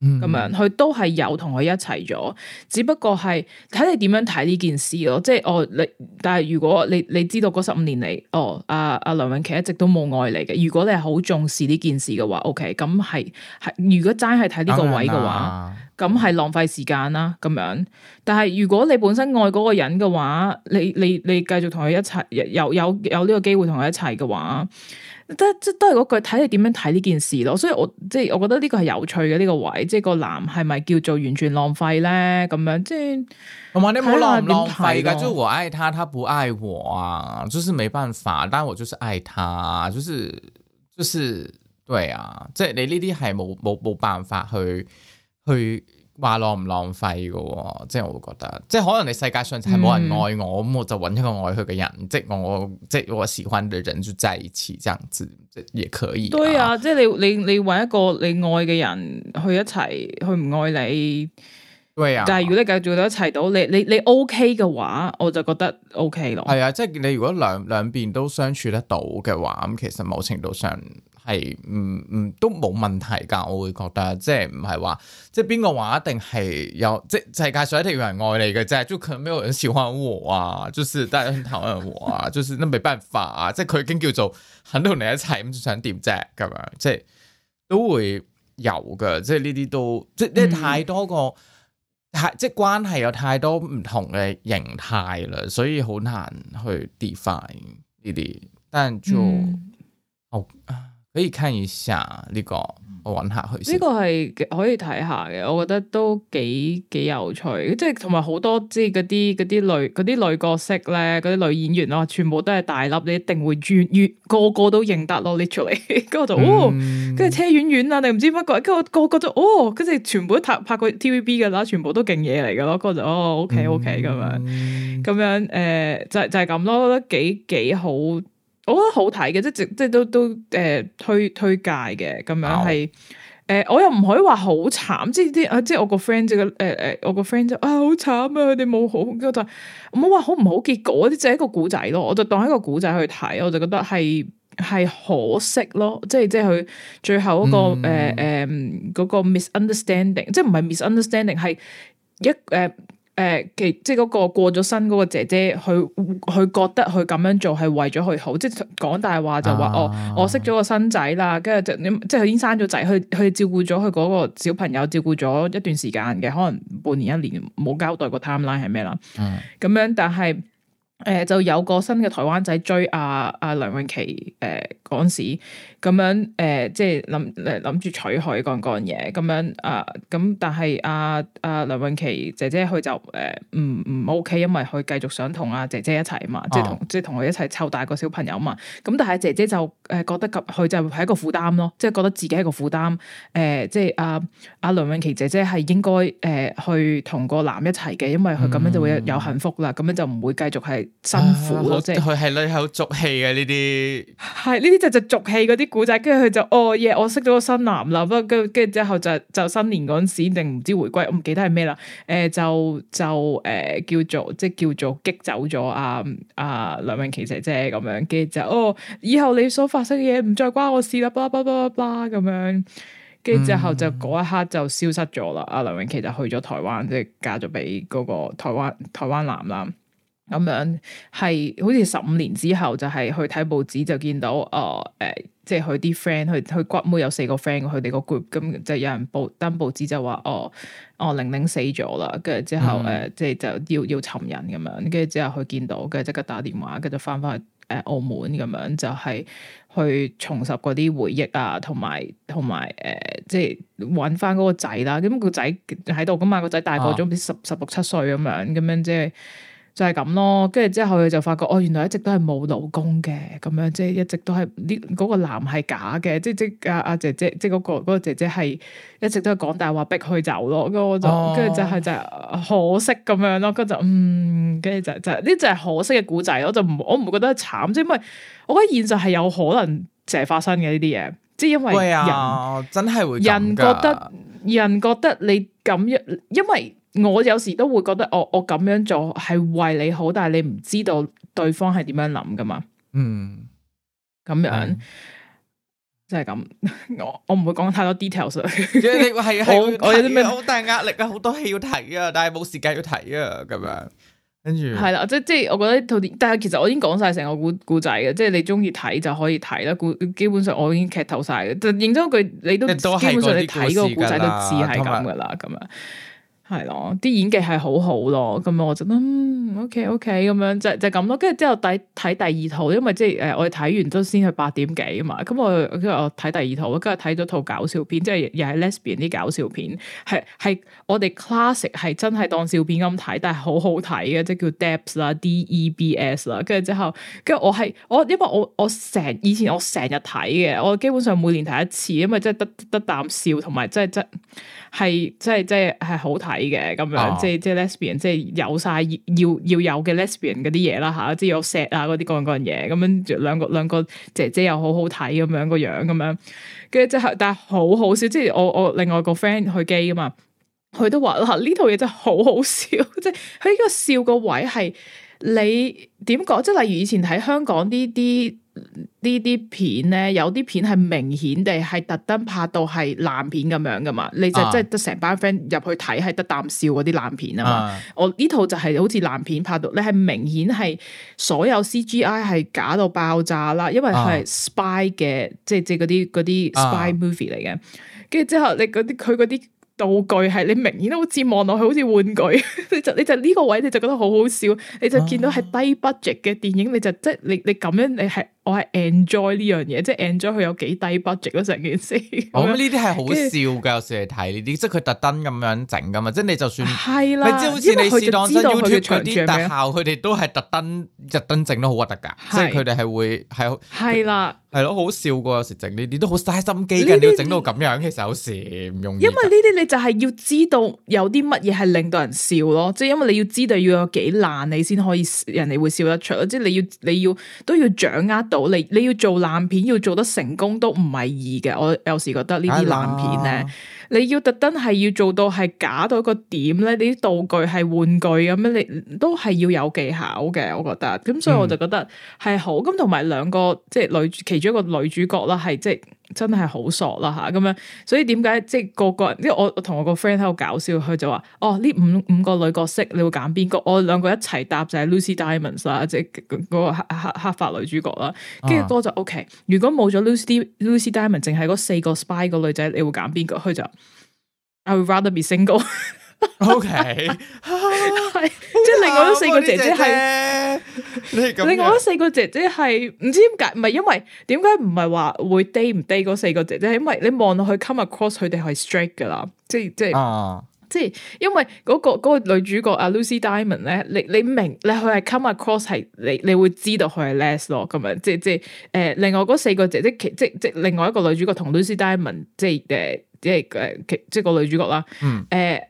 咁、嗯、樣佢都係有同佢一齊咗，只不過係睇你點樣睇呢件事咯。即係我、哦、你，但係如果你你知道嗰十五年嚟，哦，阿、啊、阿、啊、梁詠琪一直都冇愛你嘅。如果你係好重視呢件事嘅話，OK，咁係，係如果齋係睇呢個位嘅話，咁係、嗯嗯、浪費時間啦。咁樣，但係如果你本身愛嗰個人嘅話，你你你繼續同佢一齊，有有有呢個機會同佢一齊嘅話。得即都係嗰句，睇你點樣睇呢件事咯。所以我即係我覺得呢個係有趣嘅呢個位，即係個男係咪叫做完全浪費咧？咁樣即係冇乜點冇浪浪費，即就我愛他，他不愛我啊，就是沒辦法，但係我就是愛他，啊，就是就是對啊，即係你呢啲係冇冇冇辦法去去。話浪唔浪費嘅，即係我會覺得，即係可能你世界上係冇人愛我，咁、嗯、我就揾一個愛佢嘅人，即我，即係我喜歡嘅人就在一起，這樣子，即亦可以、啊。對啊，即係你你你揾一個你愛嘅人去一齊，佢唔愛你，對啊。但係如果你繼續到一齊到，你你你 OK 嘅話，我就覺得 OK 咯。係啊，即係你如果兩兩邊都相處得到嘅話，咁其實某程度上。係唔唔都冇問題噶，我會覺得即係唔係話即係邊個話一定係有即係世界上一定有人愛你嘅啫，就可能冇人喜歡我啊，就是大家很討厭我啊， 就是都冇辦法啊，即係佢已經叫做肯同你一齊咁想點啫咁樣，即係都會有嘅，即係呢啲都即係太多個、嗯、太即係關係有太多唔同嘅形態啦，所以好難去 define 呢啲，但就好。嗯哦可以看一下呢、這個，我搵下佢先。呢個係可以睇下嘅，我覺得都幾幾有趣，即係同埋好多即係嗰啲啲女啲女角色咧，嗰啲女演員咯，全部都係大粒，你一定會越越個個都認得咯，你出嚟，跟 住就哦，跟住車婉婉啊，定唔知乜鬼，跟住個個都，都哦，跟住全部都拍拍過 TVB 噶啦，全部都勁嘢嚟噶咯，個就哦，OK OK 咁、嗯、樣，咁樣誒，就是、就係咁咯，我覺得幾幾好。我覺得好睇嘅，即係即係都都誒、呃、推推介嘅咁樣係誒、oh. 呃，我又唔可以話好慘，即係啲即係我個 friend 即係誒我個 friend 就啊好慘啊，佢哋冇好，跟住我就冇話好唔好結果，啲就係一個古仔咯，我就當一個古仔去睇，我就覺得係係可惜咯，即係即係佢最後嗰個誒誒、嗯呃呃嗰個、misunderstanding，即係唔係 misunderstanding 係一誒。呃誒、呃，其即係嗰個過咗身嗰個姐姐，佢佢覺得佢咁樣做係為咗佢好，即係講大話就話、啊、哦，我識咗個新仔啦，跟住即係即係已經生咗仔，佢佢照顧咗佢嗰個小朋友，照顧咗一段時間嘅，可能半年一年冇交代過 timeline 係咩啦，咁、嗯、樣，但係誒、呃、就有個新嘅台灣仔追阿阿、啊啊、梁詠琪，誒、呃、嗰時。咁樣誒，即係諗諗住娶佢嗰樣嘢，咁樣、就是嗯、啊，咁但係阿阿梁詠琪姐姐佢就誒唔唔 OK，因為佢繼續想同阿姐姐一齊啊嘛，即係同即係同佢一齊湊大個小朋友啊嘛。咁但係姐姐就誒覺得佢就係一個負擔咯，即係覺得自己係一個負擔。誒、嗯，即係阿阿梁詠琪姐姐係應該誒去同個男一齊嘅，因為佢咁樣就會有幸福啦，咁樣就唔會繼續係辛苦咯。即佢係女口濁氣嘅呢啲，係呢啲就就濁氣嗰啲。古仔，跟住佢就哦耶，我識咗個新男啦，不過跟跟住之後就就新年嗰陣時定唔知回歸，我唔記得係咩啦，誒、呃、就就誒、呃、叫做即係叫，叫做激走咗啊啊梁詠琪姐姐咁樣，跟住就哦以後你所發生嘅嘢，唔再關我事啦，叭叭叭叭咁樣，跟住之後就嗰一刻就消失咗啦，阿、嗯、梁詠琪就去咗台灣，即係嫁咗俾嗰個台灣台灣男啦。咁樣係好似十五年之後，就係去睇報紙就見到，哦，誒，即係佢啲 friend，佢佢骨妹有四個 friend，佢哋個 group，咁就有人報登報紙就話，哦，哦，玲玲死咗啦，跟住之後，誒、呃，即係就要要尋人咁樣，跟住之後佢見到，跟住即刻打電話，跟住翻翻去誒澳門咁樣，就係、是、去重拾嗰啲回憶啊，同埋同埋誒，即係揾翻嗰個仔啦，咁、那個仔喺度噶嘛，嗰個仔大個咗，唔知、啊、十十六,十六十七歲咁樣，咁樣即係。即就係咁咯，跟住之後佢就發覺哦，原來一直都係冇老公嘅，咁樣即係一直都係呢嗰個男係假嘅，即即阿阿、啊、姐姐即嗰、那個嗰、那個姐姐係一直都係講大話逼佢走咯，咁我就跟住、哦、就係、是、就係、是、可惜咁樣咯，跟住就，嗯，跟住就是、就呢就係可惜嘅古仔，我就唔我唔會覺得慘，即因為我覺得現實係有可能成日發生嘅呢啲嘢，即因為人真係會人覺得人覺得你咁樣，因為。我有時都會覺得我我咁樣做係為你好，但係你唔知道對方係點樣諗噶嘛？嗯，咁樣，嗯、即係咁，我我唔會講太多 detail 你係我我有啲咩好大壓力啊？好多戲要睇啊，但係冇時間要睇啊，咁樣跟住係啦，即即係我覺得套，但係其實我已經講晒成個故故仔嘅，即係你中意睇就可以睇啦。故基本上我已經劇透晒嘅，就認真句，你都基本上你睇嗰個故仔都知係咁噶啦，咁樣。係咯，啲演技係好好咯，咁樣我就覺得，嗯，OK OK，咁樣就就咁咯。跟住之後第睇第二套，因為即係誒，我哋睇完都先去八點幾嘛。咁我跟住我睇第二套，跟住睇咗套搞笑片，即係又係 Lesbian 啲搞笑片，係係我哋 Classic 係真係當笑片咁睇，但係好好睇嘅，即係叫 Debs 啦，D, eps, D E B S 啦。跟住之後，跟住我係我因為我我成以前我成日睇嘅，我基本上每年睇一次，因為即係得得啖笑同埋即係即。係即係即係係好睇嘅咁樣，啊、即係即係 lesbian，即係有晒要要有嘅 lesbian 嗰啲嘢啦吓，即係有 set 啊嗰啲各樣各樣嘢，咁樣兩個兩個姐姐又好好睇咁樣個樣咁樣，跟住就係但係好好笑，即係我我，我另外個 friend 去機啊嘛，佢都話啦呢套嘢真係好好笑，即係佢呢個笑個位係你點講，即係例如以前喺香港呢啲。呢啲片咧，有啲片係明顯地係特登拍到係爛片咁樣噶嘛，你就、uh, 即係得成班 friend 入去睇係得啖笑嗰啲爛片啊嘛。Uh, 我呢套就係好似爛片拍到，你係明顯係所有 CGI 係假到爆炸啦，因為佢係 spy 嘅，uh, 即係即係嗰啲啲 spy movie 嚟嘅。跟住、uh, uh, 之後你啲佢嗰啲。道具係你明顯都好似望落去好似玩具， 你就你就呢個位你就覺得好好笑，啊、你就見到係低 budget 嘅電影，你就即係你你咁樣你係我係 enjoy 呢樣嘢，即、就、係、係、enjoy 佢有幾低 budget 咯。成件事。我諗呢啲係好笑㗎，有時嚟睇呢啲，即係佢特登咁樣整㗎嘛，即係你就算係啦，即係了好似你試當真邀貼佢啲特效，佢哋都係特登特登整都好核突㗎，即係佢哋係會係。係啦。了係咯，好笑噶，有時整呢啲都好嘥心機噶，你要整到咁樣，其實有時唔容易。因為呢啲你就係要知道有啲乜嘢係令到人笑咯，即係因為你要知道要有幾爛你先可以人哋會笑得出，即係你要你要都要掌握到你你要做爛片要做得成功都唔係易嘅，我有時覺得呢啲爛片咧。哎你要特登係要做到係假到一個點咧，你啲道具係玩具咁樣，你都係要有技巧嘅，我覺得。咁所以我就覺得係好。咁同埋兩個即係、即係、女，其中一個女主角啦，係即係。真係好傻啦、啊、吓，咁樣，所以點解即係個個人？因為我我同我個 friend 喺度搞笑，佢就話：哦，呢五五個女角色你會揀邊個？我兩個一齊搭就係 Lucy Diamond 啦，即係嗰個黑黑黑發女主角啦。跟住哥就 OK。如果冇咗 Lucy Lucy Diamond，淨係嗰四個 spy 個女仔，你會揀邊個？佢就 I would rather be single。 OK，係即係另外嗰四個姐姐係另外嗰四個姐姐係唔知點解唔係因為點解唔係話會 day 唔 day 嗰四個姐姐，因為你望落去 come across 佢哋係 straight 噶啦，即係即係啊，即係因為嗰個個女主角阿 Lucy Diamond 咧，你你明你佢係 come across 係你你會知道佢係 less 咯，咁樣即係即係誒，另外嗰四個姐姐其即即另外一個女主角同 Lucy Diamond、呃呃、即係誒即係誒即係個女主角啦，誒、呃。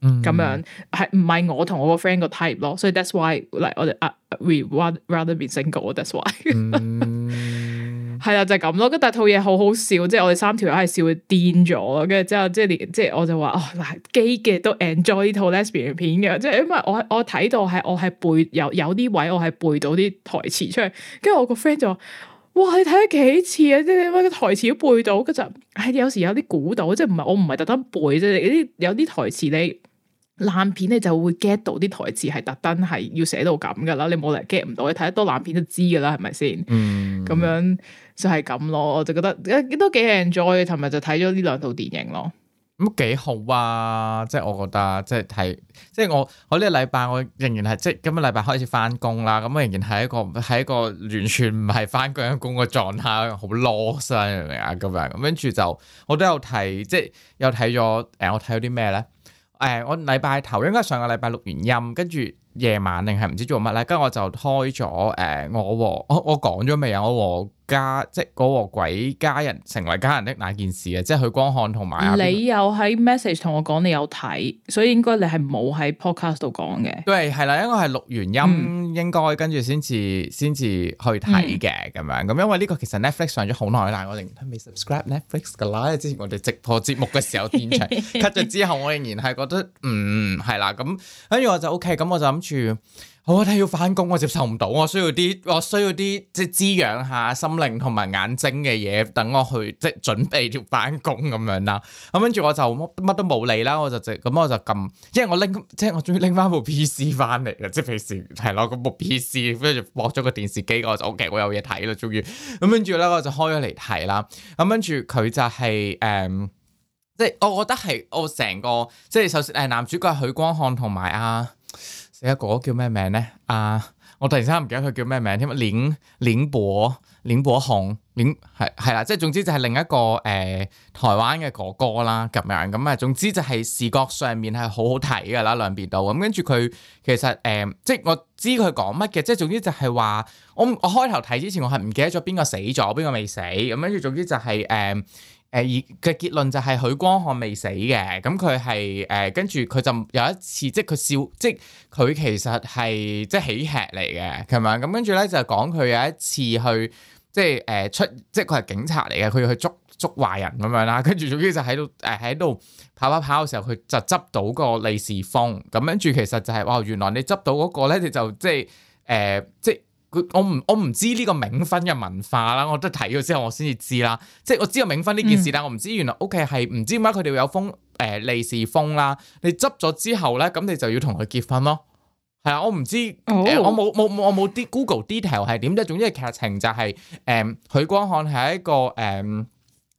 咁、嗯、樣係唔係我同我個 friend 個 type 咯，所以 that's why，like 我、uh, 哋啊，we would rather be single，that's why、 嗯。係啦， 就咁、是、咯。咁但係套嘢好好笑，即係我哋三條友係笑癲咗。跟住之後，即係連即係我就話哦，嗱基嘅都 enjoy 呢套 lesbian 片嘅，即係因為我我睇到係我係背有有啲位我係背到啲台詞出嚟。跟住我個 friend 就話，哇，你睇咗幾次啊？即係乜嘅台詞都背到，跟其實係有時有啲估到，即係唔係我唔係特登背啫。有啲有啲台詞你。爛片你就會 get 到啲台詞係特登係要寫到咁噶啦，你冇嚟 get 唔到，你睇得多爛片都知噶啦，係咪先？嗯，咁樣就係咁咯。我就覺得都幾 enjoy，琴日就睇咗呢兩套電影咯。咁幾、嗯、好啊！即係我覺得，即係睇，即係我我呢個禮拜我仍然係即係今個禮拜開始翻工啦，咁我仍然係一個係一個完全唔係翻緊工嘅狀態，好囉嗦明唔明啊？咁樣，跟住就我都有睇，即係有睇咗誒，我睇咗啲咩咧？誒、哎，我禮拜頭應該上個禮拜錄完音，跟住夜晚定係唔知做乜咧？跟住我就開咗誒，我和我我講咗未啊，我和。我我家即嗰個鬼家人成為家人的那件事啊！即佢光漢同埋你有喺 message 同我講你有睇，所以應該你係冇喺 podcast 度講嘅。對，係啦，因為係錄完音應該跟住先至先至去睇嘅咁樣。咁因為呢個其實 Netflix 上咗好耐，但係我仍然都未 subscribe Netflix 噶啦。因為之前我哋直播節目嘅時候天長 剪除 cut 咗之後，我仍然係覺得嗯，係啦。咁跟住我就 OK，咁我就諗住。我睇、哦、要返工，我接受唔到。我需要啲，我需要啲即係滋養下心靈同埋眼睛嘅嘢，等我去即係準備要返工咁樣啦。咁跟住我就乜都冇理啦，我就直，係咁我就撳，因為我拎即係我終於拎翻部 P C 翻嚟嘅，即係平時係攞個部 P C，跟住播咗個電視機，我就 OK，我有嘢睇啦，終於。咁跟住咧，我就開咗嚟睇啦。咁跟住佢就係、是、誒、嗯，即係我覺得係我成個即係首先誒男主角係許光漢同埋啊。你個哥哥叫咩名咧？啊、uh，我突然之間唔記得佢叫咩名添。林林柏，林柏宏，林，係係啦，即係總之就係另一個誒台灣嘅哥哥啦咁樣。咁啊，總之就係視覺上面係好好睇㗎啦，兩邊都。咁跟住佢其實誒，即係我知佢講乜嘅。即係總之就係話、嗯、呃，我我開頭睇之前我係唔記得咗邊個死咗，邊個未死。咁跟住總之就係、是、誒。呃誒而嘅結論就係許光漢未死嘅，咁佢係，誒跟住佢就有一次即係佢笑，即係佢其實係即係喜劇嚟嘅，係咪？咁跟住咧就係講佢有一次去即係誒、呃、出，即係佢係警察嚟嘅，佢要去捉捉壞人咁樣啦。跟住總之就喺度誒喺度跑跑跑嘅時候，佢就執到個利是封。咁跟住其實就係、是、哇，原來你執到嗰個咧，你就即係誒、呃、即。佢我唔我唔知呢個冥婚嘅文化啦，我都睇咗之後我先至知啦。即係我知道冥婚呢件事，嗯、但係我唔知原來屋企係唔知點解佢哋會有封誒、呃、利是封啦。你執咗之後咧，咁你就要同佢結婚咯。係啊，我唔知、哦呃、我冇冇我冇啲 Google detail 係點啫。總之嘅劇情就係、是、誒、呃、許光漢係一個誒。呃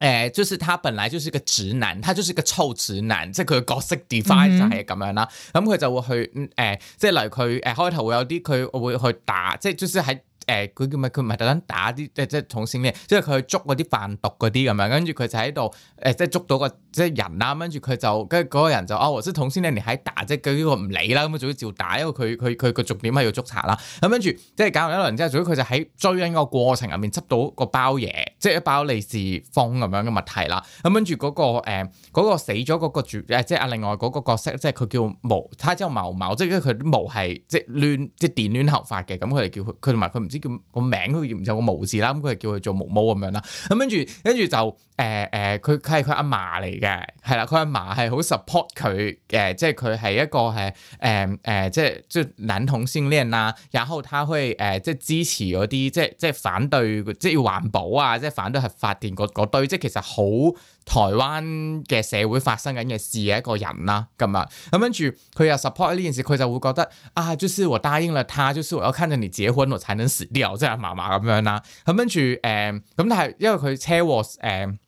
誒、呃，就是他本來就是個直男，他就是個臭直男，即係佢角色 define 就係咁樣啦。咁佢、嗯嗯嗯、就會去誒、呃，即係例如佢誒、呃、開頭會有啲佢會去打，即係就是喺。誒佢、哎、叫咪佢唔係特登打啲即係即係統先咧，即係佢捉嗰啲販毒嗰啲咁樣，跟住佢就喺度誒，即、呃、係捉到個即係人啦，跟住佢就跟住嗰個人就哦，即係統先咧，你喺打即係佢呢個唔理啦，咁佢仲要照打，因為佢佢佢個重點係要捉賊啦。咁跟住即係搞完一輪之後，仲要佢就喺追緊個過程入面執到個包嘢，即係一包利是封咁樣嘅物體啦。咁跟住嗰、那個誒嗰、欸那個死咗嗰個即係啊另外嗰、那個角色，即係佢叫毛，他叫茂毛，即係佢啲毛係即係亂即係電攣頭髮嘅，咁佢哋叫佢同埋佢唔知。叫個名佢唔就個毛字啦，咁佢係叫佢做毛毛咁樣啦。咁跟住跟住就誒誒，佢佢係佢阿嫲嚟嘅，係、呃、啦，佢阿嫲係好 support 佢誒，即係佢係一個誒誒誒，即係即係男同性戀啦、啊。然後他會誒、呃，即係支持嗰啲，即係即係反對，即係要環保啊，即係反對核發電嗰嗰堆，即係其實好。台灣嘅社會發生緊嘅事嘅一個人啦，咁啊，咁跟住佢又 support 呢件事，佢就會覺得啊就是我答應了他，就是我要看著你結婚我才能死掉，即係嫲嫲咁樣啦，咁跟住誒，咁但係因為佢車禍誒。嗯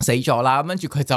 死咗啦，跟住佢就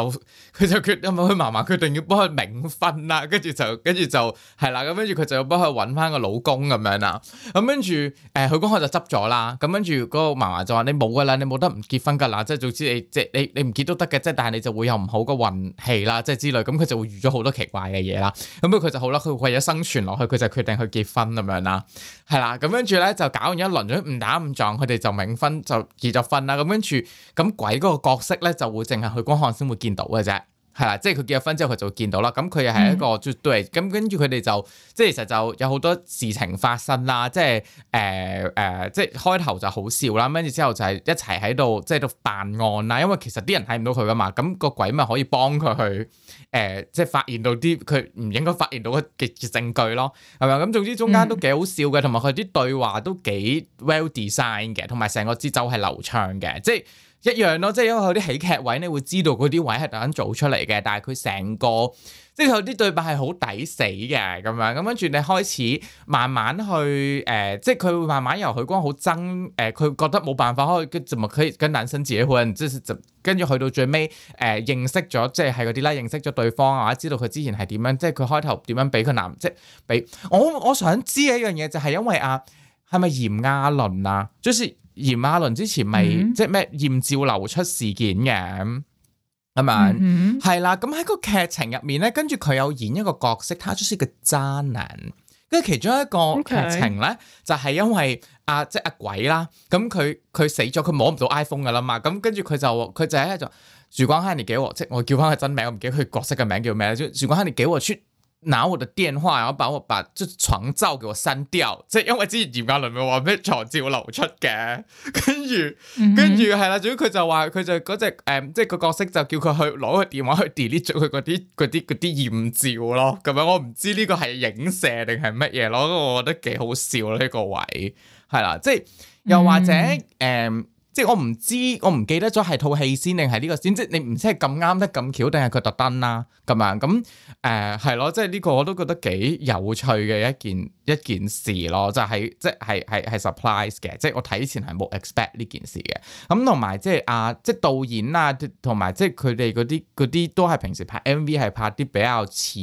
佢就決，因為佢嫲嫲決定要幫佢冥婚啦，跟住就跟住就係啦，咁跟住佢就要幫佢搵翻個老公咁樣啦，咁跟住誒，佢公婆就執咗啦，咁跟住嗰個嫲嫲就話，你冇噶啦，你冇得唔結婚噶啦，即係總之你即係你你唔結都得嘅，即係但係你就會有唔好嘅運氣啦，即係之類，咁佢就會遇咗好多奇怪嘅嘢啦，咁佢就好啦，佢為咗生存落去，佢就決定去結婚咁樣啦，係啦，咁跟住咧就搞完一輪咗，唔打唔撞，佢哋就冥婚就結咗婚啦，咁跟住咁鬼嗰個角色咧就。會淨係許光漢先會見到嘅啫，係啦，即係佢結咗婚之後佢就會見到啦。咁佢又係一個絕、嗯、對咁，跟住佢哋就即係其實就有好多事情發生啦。即係誒誒，即係開頭就好笑啦。跟住之後就係一齊喺度即係度辦案啦。因為其實啲人睇唔到佢㗎嘛，咁、那個鬼咪可以幫佢去誒、呃，即係發現到啲佢唔應該發現到嘅證據咯，係咪啊？咁總之中間都幾好笑嘅，同埋佢啲對話都幾 well design 嘅，同埋成個節奏係流暢嘅，即係。一樣咯、哦，即係因為佢啲喜劇位你會知道嗰啲位係突然做出嚟嘅，但係佢成個即係佢啲對白係好抵死嘅咁樣，咁跟住你開始慢慢去誒、呃，即係佢會慢慢由許光好憎，誒、呃，佢覺得冇辦法可，可以跟仲咪可以跟男生自己換，即係跟住去到最尾誒認識咗，即係係嗰啲啦，認識咗對方啊，或者知道佢之前係點樣，即係佢開頭點樣俾佢男，即係俾我我想知一樣嘢就係、是、因為啊，係咪炎亞綸啊？就是。炎亞綸之前咪、mm hmm. 即係咩艷照流出事件嘅咁，咪、mm？嘛、hmm.？係啦，咁喺個劇情入面咧，跟住佢有演一個角色，他就是個渣男。跟住其中一個劇情咧，Okay. 就係因為阿、啊、即係阿鬼啦，咁佢佢死咗，佢摸唔到 iPhone 噶啦嘛，咁跟住佢就佢就喺度，許光漢幾號？即我叫翻佢真名，我唔記得佢角色嘅名叫咩？即係許光漢幾出？拿我的電話，然後把我把即床照給我刪掉，即係因為之前嚴格倫咪話咩床照流出嘅，跟住跟住係啦，總之佢就話佢就嗰隻誒、嗯，即係個角色就叫佢去攞佢電話去 delete 咗佢嗰啲嗰啲嗰啲艷照咯，咁樣我唔知呢個係影射定係乜嘢咯，我覺得幾好笑呢、呢個位，係啦，即係又或者誒。Mm hmm. 嗯即係我唔知，我唔記得咗係套戲先定係呢個先，即係你唔知係咁啱得咁巧定係佢特登啦，咁樣咁，誒係咯，即係呢個我都覺得幾有趣嘅一件一件事咯，就係即係係係 surprise 嘅，即係我睇前係冇 expect 呢件事嘅。咁同埋即係啊，即係導演啊，同埋即係佢哋嗰啲啲都係平時拍 MV 係拍啲比較似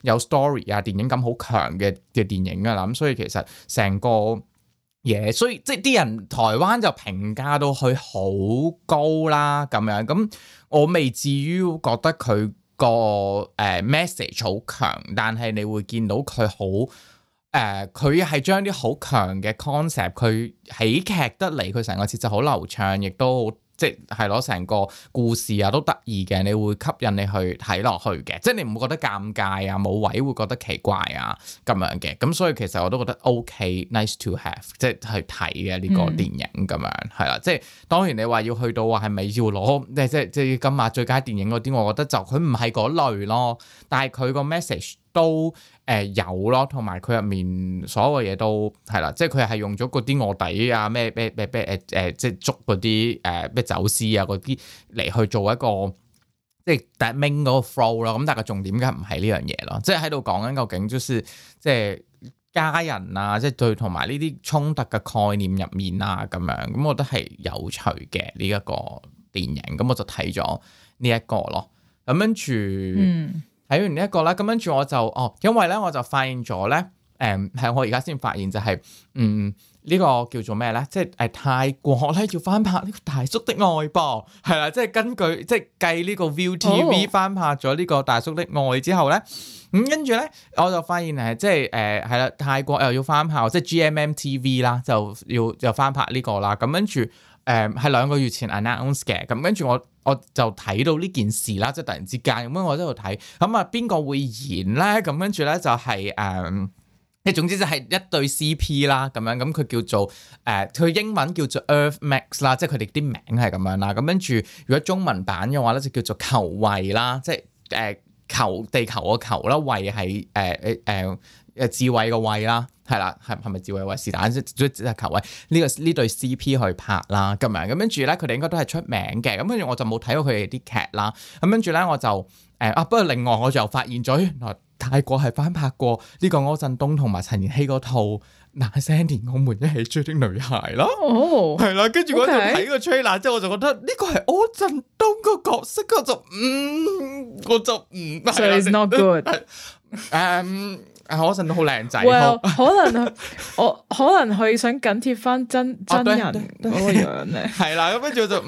有 story 啊，電影感好強嘅嘅電影啊啦，咁、嗯、所以其實成個。嘢，yeah, 所以即係啲人台灣就評價到佢好高啦，咁樣，咁我未至於覺得佢個誒 message 好強，但係你會見到佢好誒佢係將啲好強嘅 concept，佢喜劇得嚟，佢成個節奏好流暢，亦都好。即係攞成個故事啊，都得意嘅，你會吸引你去睇落去嘅，即係你唔會覺得尷尬啊，冇位會覺得奇怪啊咁樣嘅，咁所以其實我都覺得 OK，nice to have，即係去睇嘅呢個電影咁樣係啦，即係，嗯，當然你話要去到話係咪要攞，即係即係金馬最佳電影嗰啲，我覺得就佢唔係嗰類咯，但係佢個 message 都。誒、呃、有咯，同埋佢入面所有嘢都係啦，即係佢係用咗嗰啲臥底啊，咩咩咩咩誒誒，即係捉嗰啲誒咩走私啊嗰啲嚟去做一個即係帶明嗰個 flow 咯。咁但係重點梗係唔係呢樣嘢咯？即係喺度講緊究竟就係即係家人啊，即係對同埋呢啲衝突嘅概念入面啊咁樣。咁我覺得係有趣嘅呢一個電影，咁我就睇咗呢一個咯。咁跟住，嗯。睇完呢一個啦，咁跟住我就哦，因為咧我就發現咗咧，誒、嗯、係我而家先發現就係、是，嗯呢、呢個叫做咩咧？即係誒、呃、泰國咧要翻拍呢個大叔的愛噃，係啦，即係根據即係計呢個 ViuTV 翻拍咗呢個大叔的愛之後咧，咁跟住咧我就發現誒，即係誒係啦，泰國又、呃、要翻拍，即係 GMMTV 啦，就要就翻拍呢個啦，咁跟住誒係兩個月前 announce 嘅，咁跟住我。我就睇到呢件事啦，即、就、係、是、突然之間咁樣，我喺度睇咁啊邊個會演咧？咁跟住咧就係、是、誒，一、嗯、總之就係一對 CP 啦，咁樣咁佢叫做誒，佢、呃、英文叫做 Earth Max 啦，即係佢哋啲名係咁樣啦。咁跟住如果中文版嘅話咧，就叫做球衛啦，即係誒、呃、球地球個球啦，衛係誒誒。呃呃誒智慧嘅慧啦，係啦，係係咪智慧嘅慧是但，即係求慧呢、呢個呢對 CP 去拍啦，咁樣咁跟住咧，佢哋應該都係出名嘅。咁跟住我就冇睇過佢哋啲劇啦。咁跟住咧，我就誒、呃、啊！不過另外我就發現咗，原來泰國係翻拍過呢個柯震東同埋陳妍希個套《那些年我們一起追的女孩》咯。哦，係啦，跟住 okay. 我睇個 trailer 之後，我就覺得呢個係柯震東個角色嗰種，嗰種嗯。所以 is not good。嗯。 阿柯都好靚仔，可能我可能佢想緊貼翻真真人嗰個樣咧，係啦，咁跟住就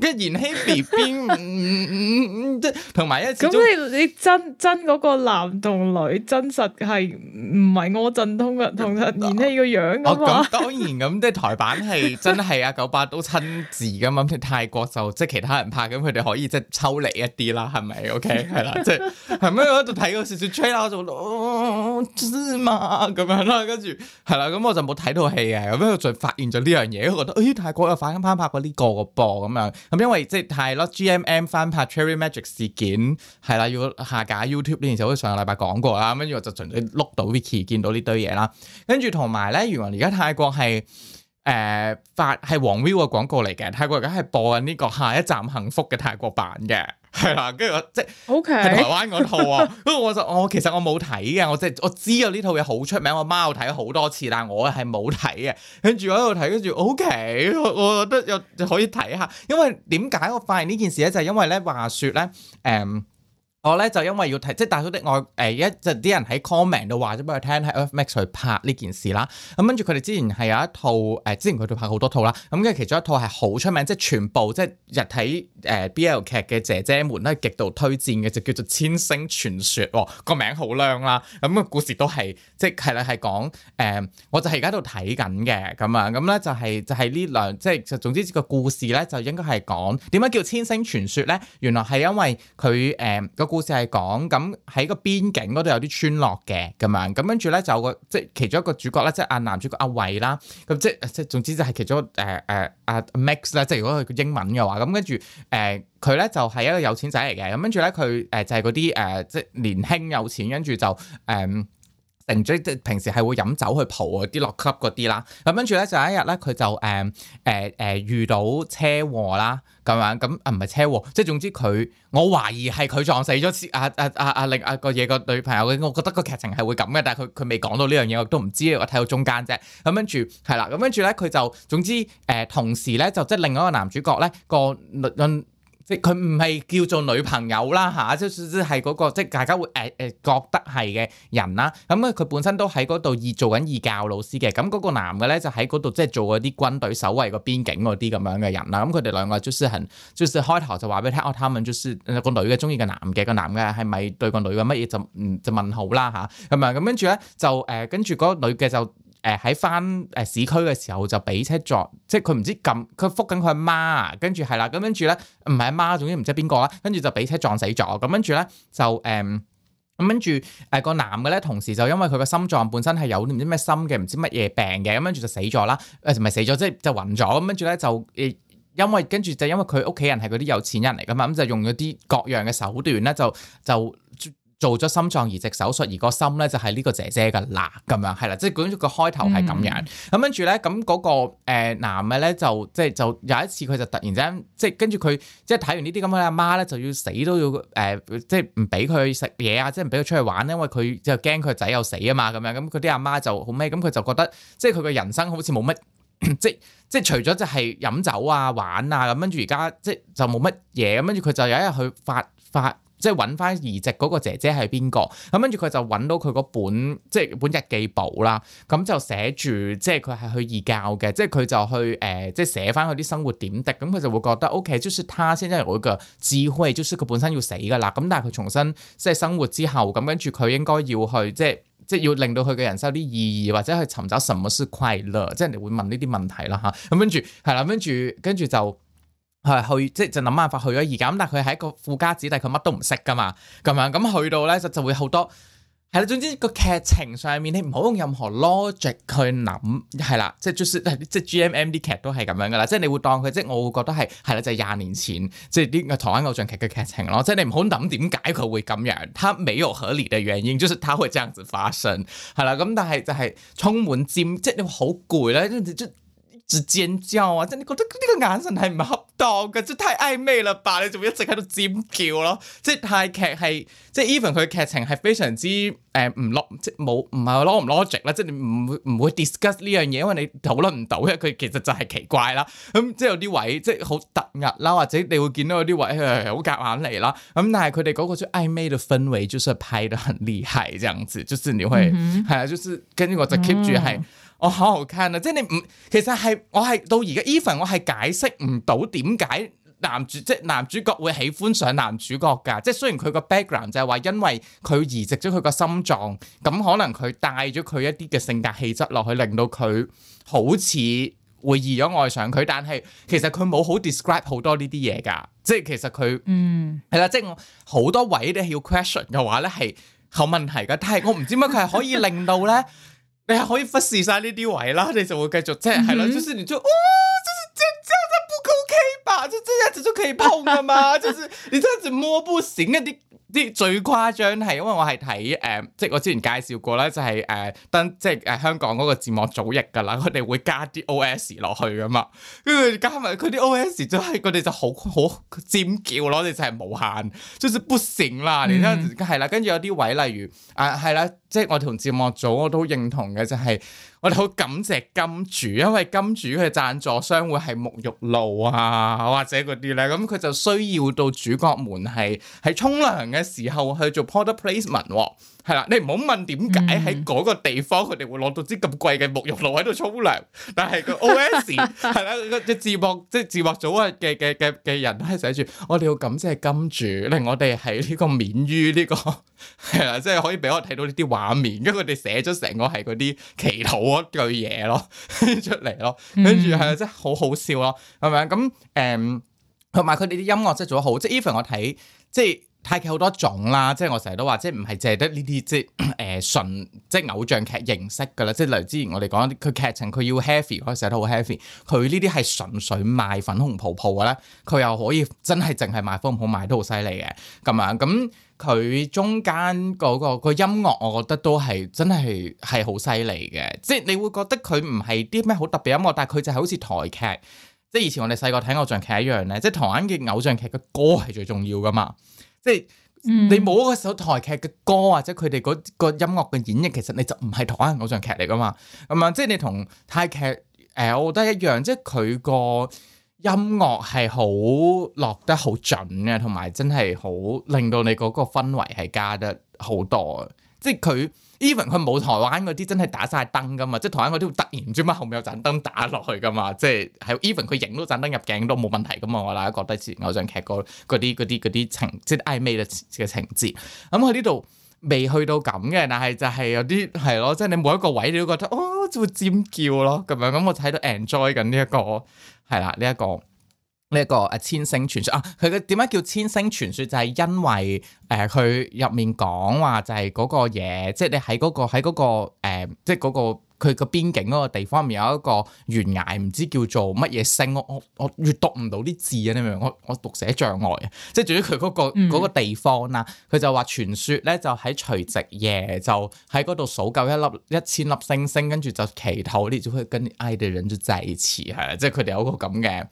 跟延禧 B B，即同埋一咁你你真真嗰個男同女真實係唔係柯震東嘅，同埋延禧個樣啊嘛，咁當然咁即係台版係真係阿九八都親自咁噶嘛，泰國就即係其他人拍，咁佢哋可以即係抽離一啲啦，係咪？OK，係啦，即係係咩？我喺度睇嗰少少吹 r 我就。哦、芝麻咁樣、啊、啦，跟住係啦，咁我就冇睇套戲嘅，咁樣就發現咗呢樣嘢，我覺得誒、欸，泰國又反咁翻拍過呢個噃、啊、咁樣，咁因為即係泰咯，GMM 翻拍《Cherry Magic》事件係啦，要下架 YouTube 呢件事，我上個禮拜講過啦，跟住我就純粹碌到 Vicky 見到呢堆嘢啦，跟住同埋咧，原來而家泰國係。誒、呃，發係黃 Viu 嘅廣告嚟嘅，泰國而家係播緊呢個下一站幸福嘅泰國版嘅，係啦，跟住我，即係 Okay. 台灣嗰套啊，咁 我就我、哦、其實我冇睇嘅，我即係我知有呢套嘢好出名，我媽，媽我睇咗好多次，但我係冇睇嘅，跟住我喺度睇，跟住 OK，我我覺得又可以睇下，因為點解我發現呢件事咧，就係、因為咧話說咧，誒、呃。我咧就因為要睇，即係大叔的愛誒一就啲人喺 comment 度話咗俾我聽，喺 Ufmax、e、去拍呢件事啦。咁跟住佢哋之前係有一套誒、呃，之前佢哋拍好多套啦。咁跟住其中一套係好出名，即係全部即係日睇誒、呃、BL 劇嘅姐姐們咧，極度推薦嘅就叫做《千星傳說》喎，個、哦、名好靚啦。咁、嗯呃嗯嗯就是就是、個故事都係即係啦，係講我就係而家喺度睇緊嘅咁啊。咁咧就係就係呢兩，即係就總之個故事咧就應該係講點解叫《千星傳說》咧？原來係因為佢誒、呃呃那個故事係講咁喺個邊境嗰度，有啲村落嘅咁樣，咁跟住咧就個即係其中一個主角咧，即係、啊、阿男主角阿衛啦，咁即係即係總之就係其中誒誒阿 Max 啦，即係如果佢係英文嘅話，咁跟住誒佢咧就係、是、一個有錢仔嚟嘅，咁跟住咧佢誒就係嗰啲誒即係年輕有錢，跟住就誒。嗯成追即係平時係會飲酒去蒲嗰啲落 club 嗰啲啦，咁跟住咧就有一日咧佢就誒誒誒遇到車禍啦，咁樣咁啊，唔係車禍，即係總之佢我懷疑係佢撞死咗啊啊啊另啊另啊個嘢個女朋友，我覺得個劇情係會咁嘅，但係佢佢未講到呢樣嘢，我都唔知，我睇到中間啫。咁跟住係啦，咁跟住咧佢就總之誒、呃、同時咧就即係另一個男主角咧個律、嗯即佢唔係叫做女朋友啦嚇，即係嗰個即大家會誒誒、呃呃、覺得係嘅人啦。咁、嗯、佢本身都喺嗰度而做緊義教老師嘅。咁、嗯、嗰、那個男嘅咧就喺嗰度即係做嗰啲軍隊守衞個邊境嗰啲咁樣嘅人啦。咁佢哋兩個 j u just 開頭就話俾聽，我、啊、他下 just、就是呃、個,個女嘅中意個男嘅，個男嘅係咪對個女嘅乜嘢就就問號啦嚇。咁啊咁跟住咧就誒跟住嗰個女嘅就。誒喺翻誒市區嘅時候就俾車撞，即係佢唔知撳佢覆緊佢阿媽啊，跟住係啦，咁跟住咧唔係阿媽，總之唔知邊個啦，跟住就俾車撞死咗，咁跟住咧就誒咁、嗯、跟住誒、呃呃、個男嘅咧，同時就因為佢個心臟本身係有唔知咩心嘅唔知乜嘢病嘅，咁跟住就死咗啦，誒唔係死咗，即係就暈咗，咁跟住咧就誒因為跟住就因為佢屋企人係嗰啲有錢人嚟噶嘛，咁、嗯、就用咗啲各樣嘅手段咧就就。就就做咗心臟移植手術，而個心咧就係呢個姐姐嘅啦，咁樣係啦，即係講住個開頭係咁樣，咁跟住咧，咁嗰個男嘅咧就即係就有一次佢就突然之間即係跟住佢即係睇完呢啲咁嘅阿媽咧就要死都要誒、呃，即係唔俾佢食嘢啊，即係唔俾佢出去玩，因為佢就驚佢個仔又死啊嘛，咁樣咁佢啲阿媽就好咩？咁佢就覺得即係佢嘅人生好似冇乜，即係即係除咗就係飲酒啊、玩啊，咁跟住而家即係就冇乜嘢，咁跟住佢就有一日去發發。發發發即係揾翻移植嗰個姐姐係邊個？咁跟住佢就揾到佢嗰本即係本日記簿啦。咁就寫住即係佢係去義教嘅，即係佢就去誒、呃，即係寫翻佢啲生活點滴。咁佢就會覺得 OK，就算他先進入我嘅智慧，就算佢本身要死㗎啦。咁但係佢重新即係生活之後，咁跟住佢應該要去即係即係要令到佢嘅人生有啲意義，或者去尋找什麼是快樂，即係你會問呢啲問題啦嚇。咁跟住係啦，跟住跟住就。係去即係就諗辦法去咗而家，咁但係佢係一個富家子弟，佢乜都唔識噶嘛，咁樣，咁去到咧就就會好多係啦。總之個劇情上面你唔好用任何 logic 去諗，係啦、就是，即係 just 即係 GMM 啲劇都係咁樣噶啦。即係你會當佢，即係我會覺得係係啦，就係、是、廿年前即係啲台灣偶像劇嘅劇情咯。即係你唔好諗點解佢會咁樣。他沒有合理嘅原因，就是他會這樣子發生，係啦。咁但係就係充滿尖，即係你好攰咧。即尖叫啊！即你覺得呢個眼神係唔恰當嘅，即太曖昧了吧？你做咩一直喺度尖叫咯？即泰劇係，即 even 佢劇情係非常之誒唔落，即冇唔係話 no 唔 logic 啦，lo log ic，即你唔會唔會 discuss 呢樣嘢，因為你討論唔到，因為佢其實就係奇怪啦。咁、嗯、即有啲位即好突兀啦，或者你會見到有啲位好夾硬嚟啦。咁、嗯、但係佢哋嗰個最曖昧嘅氛圍，就是拍得很厲害，咁樣子，就算、是、你會係、mm hmm. 啊，就是跟住我就 keep 住係。Mm hmm. 我好、oh, can 啊！即係你唔，其實係我係到而家 even 我係解釋唔到點解男主即係男主角會喜歡上男主角㗎。即係雖然佢個 background 就係話因為佢移植咗佢個心臟，咁可能佢帶咗佢一啲嘅性格氣質落去，令到佢好似會移咗愛上佢。但係其實佢冇好 describe 好多呢啲嘢㗎。即係其實佢嗯係啦，即係我好多位咧要 question 嘅話咧係有問題㗎。但係我唔知乜佢係可以令到咧。 你呀，可以忽視晒呢啲位啦，你就會繼續，即係，係喇，就是你就，哦，就是就，這樣就不 OK 吧？就這樣子就可以碰㗎嘛？ 就是你這樣子摸不行啊，你。啲最誇張係，因為我係睇誒，即係我之前介紹過啦，就係、是、誒，登、呃、即係誒香港嗰個字幕組譯噶啦，佢哋會加啲 OS 落去噶嘛，跟住加埋佢啲 OS 真係佢哋就好好尖叫咯，佢哋就係無限，真是不行啦！嗯、你睇係啦，跟住有啲位例如誒係、啊、啦，即係我同字幕組我都認同嘅就係、是。我哋好感謝金主，因為金主嘅贊助商會係沐浴露啊，或者嗰啲咧，咁佢就需要到主角們係係沖涼嘅時候去做 porter placement 係、哦、啦，你唔好問點解喺嗰個地方佢哋會攞到支咁貴嘅沐浴露喺度沖涼，但係個 OS 係啦， 嗰個字幕即係字幕組嘅嘅嘅嘅人都係寫住，我哋要感謝金主令我哋喺呢個免於呢、呢個係啦，即係、就是、可以俾我睇到呢啲畫面，因為佢哋寫咗成個係嗰啲祈禱。嗰句嘢咯，出嚟咯，跟住係真好好笑咯，係咪啊？咁誒，同埋佢哋啲音樂真係做得好，即係 even 我睇，即係泰劇好多種啦，即係我成日都話，即係唔係淨係得呢啲，即係誒純即係偶像劇形式噶啦，即係例如之前我哋講，佢劇情佢要 heavy，我成日都好 heavy，佢呢啲係純粹賣粉紅泡泡咧，佢又可以真係淨係賣粉紅好賣都好犀利嘅，咁樣咁。佢中間嗰個個音樂，我覺得都係真係係好犀利嘅，即係你會覺得佢唔係啲咩好特別音樂，但係佢就係好似台劇，即係以前我哋細個睇偶像劇一樣咧，即係台灣嘅偶像劇嘅歌係最重要㗎嘛，即係你冇嗰首台劇嘅歌或者佢哋嗰個音樂嘅演繹，其實你就唔係台灣偶像劇嚟㗎嘛，咁啊，即係你同泰劇誒，我覺得一樣，即係佢個。音樂係好落得好準嘅，同埋真係好令到你嗰個氛圍係加得好多。即係佢 even 佢冇台灣嗰啲真係打晒燈噶嘛，即係台灣嗰啲會突然之乜後面有盞燈打落去噶嘛，即係係 even 佢影到盞燈入鏡都冇問題噶嘛。我大家覺得之前偶像劇嗰啲嗰啲啲情即係曖昧嘅情節，咁佢呢度。未去到咁嘅，但係就係有啲係咯，即係、就是、你每一個位你都覺得哦，就會尖叫咯咁樣。咁我就睇到 enjoy 緊呢一個係啦，呢、這、一個呢一、這個誒千星傳説啊，佢嘅點解叫千星傳説就係、是、因為誒佢入面講話就係嗰個嘢，即、就、係、是、你喺嗰個喺嗰個即係嗰個。佢個邊境嗰個地方面有一個懸崖，唔知叫做乜嘢星，我我我閱讀唔到啲字啊！你明唔明？我我讀寫障礙啊！即係至於佢嗰、嗰個嗯、個地方啦，佢就話傳説咧就喺除夕夜就喺嗰度數夠一粒一千粒星星，跟住就祈禱，啲就可以跟你愛、哎、的人就在一起係啦！即係佢哋有個咁嘅，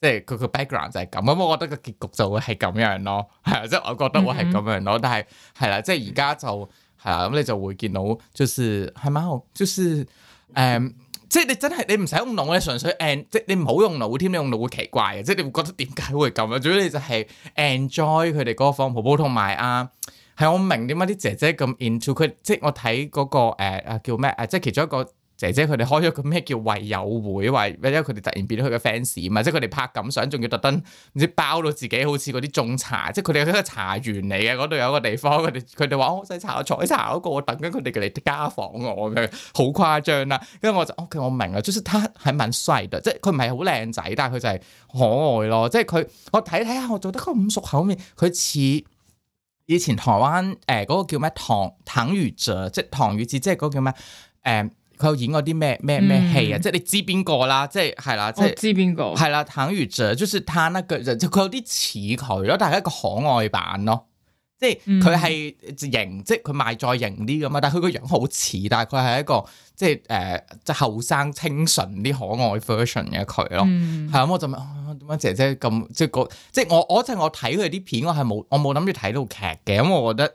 即係佢佢 background 就係咁。咁我覺得個結局就會係咁樣咯，係啊！即係我覺得會係咁樣咯，嗯嗯但係係啦，即係而家就。係啊，咁、嗯、你就會見到，就是係咪啊？就是誒、嗯，即係你真係你唔使用腦咧，純粹誒，即係你唔好用腦添，你用腦會奇怪嘅，即係你會覺得點解會咁啊？總之你就係 enjoy 佢哋嗰個方婆婆同埋啊，係我唔明點解啲姐姐咁 into 佢，即係我睇嗰個誒誒叫咩誒，即係其中一個。姐姐佢哋開咗個咩叫為友會，話因為佢哋突然變咗佢嘅 fans 嘛，即係佢哋拍感想，仲要特登唔知包到自己好似嗰啲種茶，即係佢哋喺個茶園嚟嘅嗰度有一個地方，佢哋佢哋話：我好想茶我採茶嗰、那個，我等緊佢哋嚟家訪我嘅，好誇張啦、啊。跟住我就：O、OK, K，我明啊，just he 係唔帥嘅，即係佢唔係好靚仔，但係佢就係可愛咯。即係佢我睇睇下，我做得咁熟口面，佢似以前台灣誒嗰、呃那個叫咩唐唐禹哲，即係唐禹哲，即係嗰個叫咩誒？嗯佢有演過啲咩咩咩戲啊？嗯、即係你知邊個啦？即係係啦，即係知邊個？係啦，譚詠哲，就是攤一腳就佢有啲似佢，但係一個可愛版咯。即係佢係型，即係佢賣再型啲咁嘛。但係佢個樣好似，但係佢係一個即係誒、呃、即後生清純啲可愛 version 嘅佢咯。係咁、嗯啊，我就問點解、啊、姐姐咁即係即係我嗰陣我睇佢啲片，我係冇我冇諗住睇到劇嘅，咁我覺得。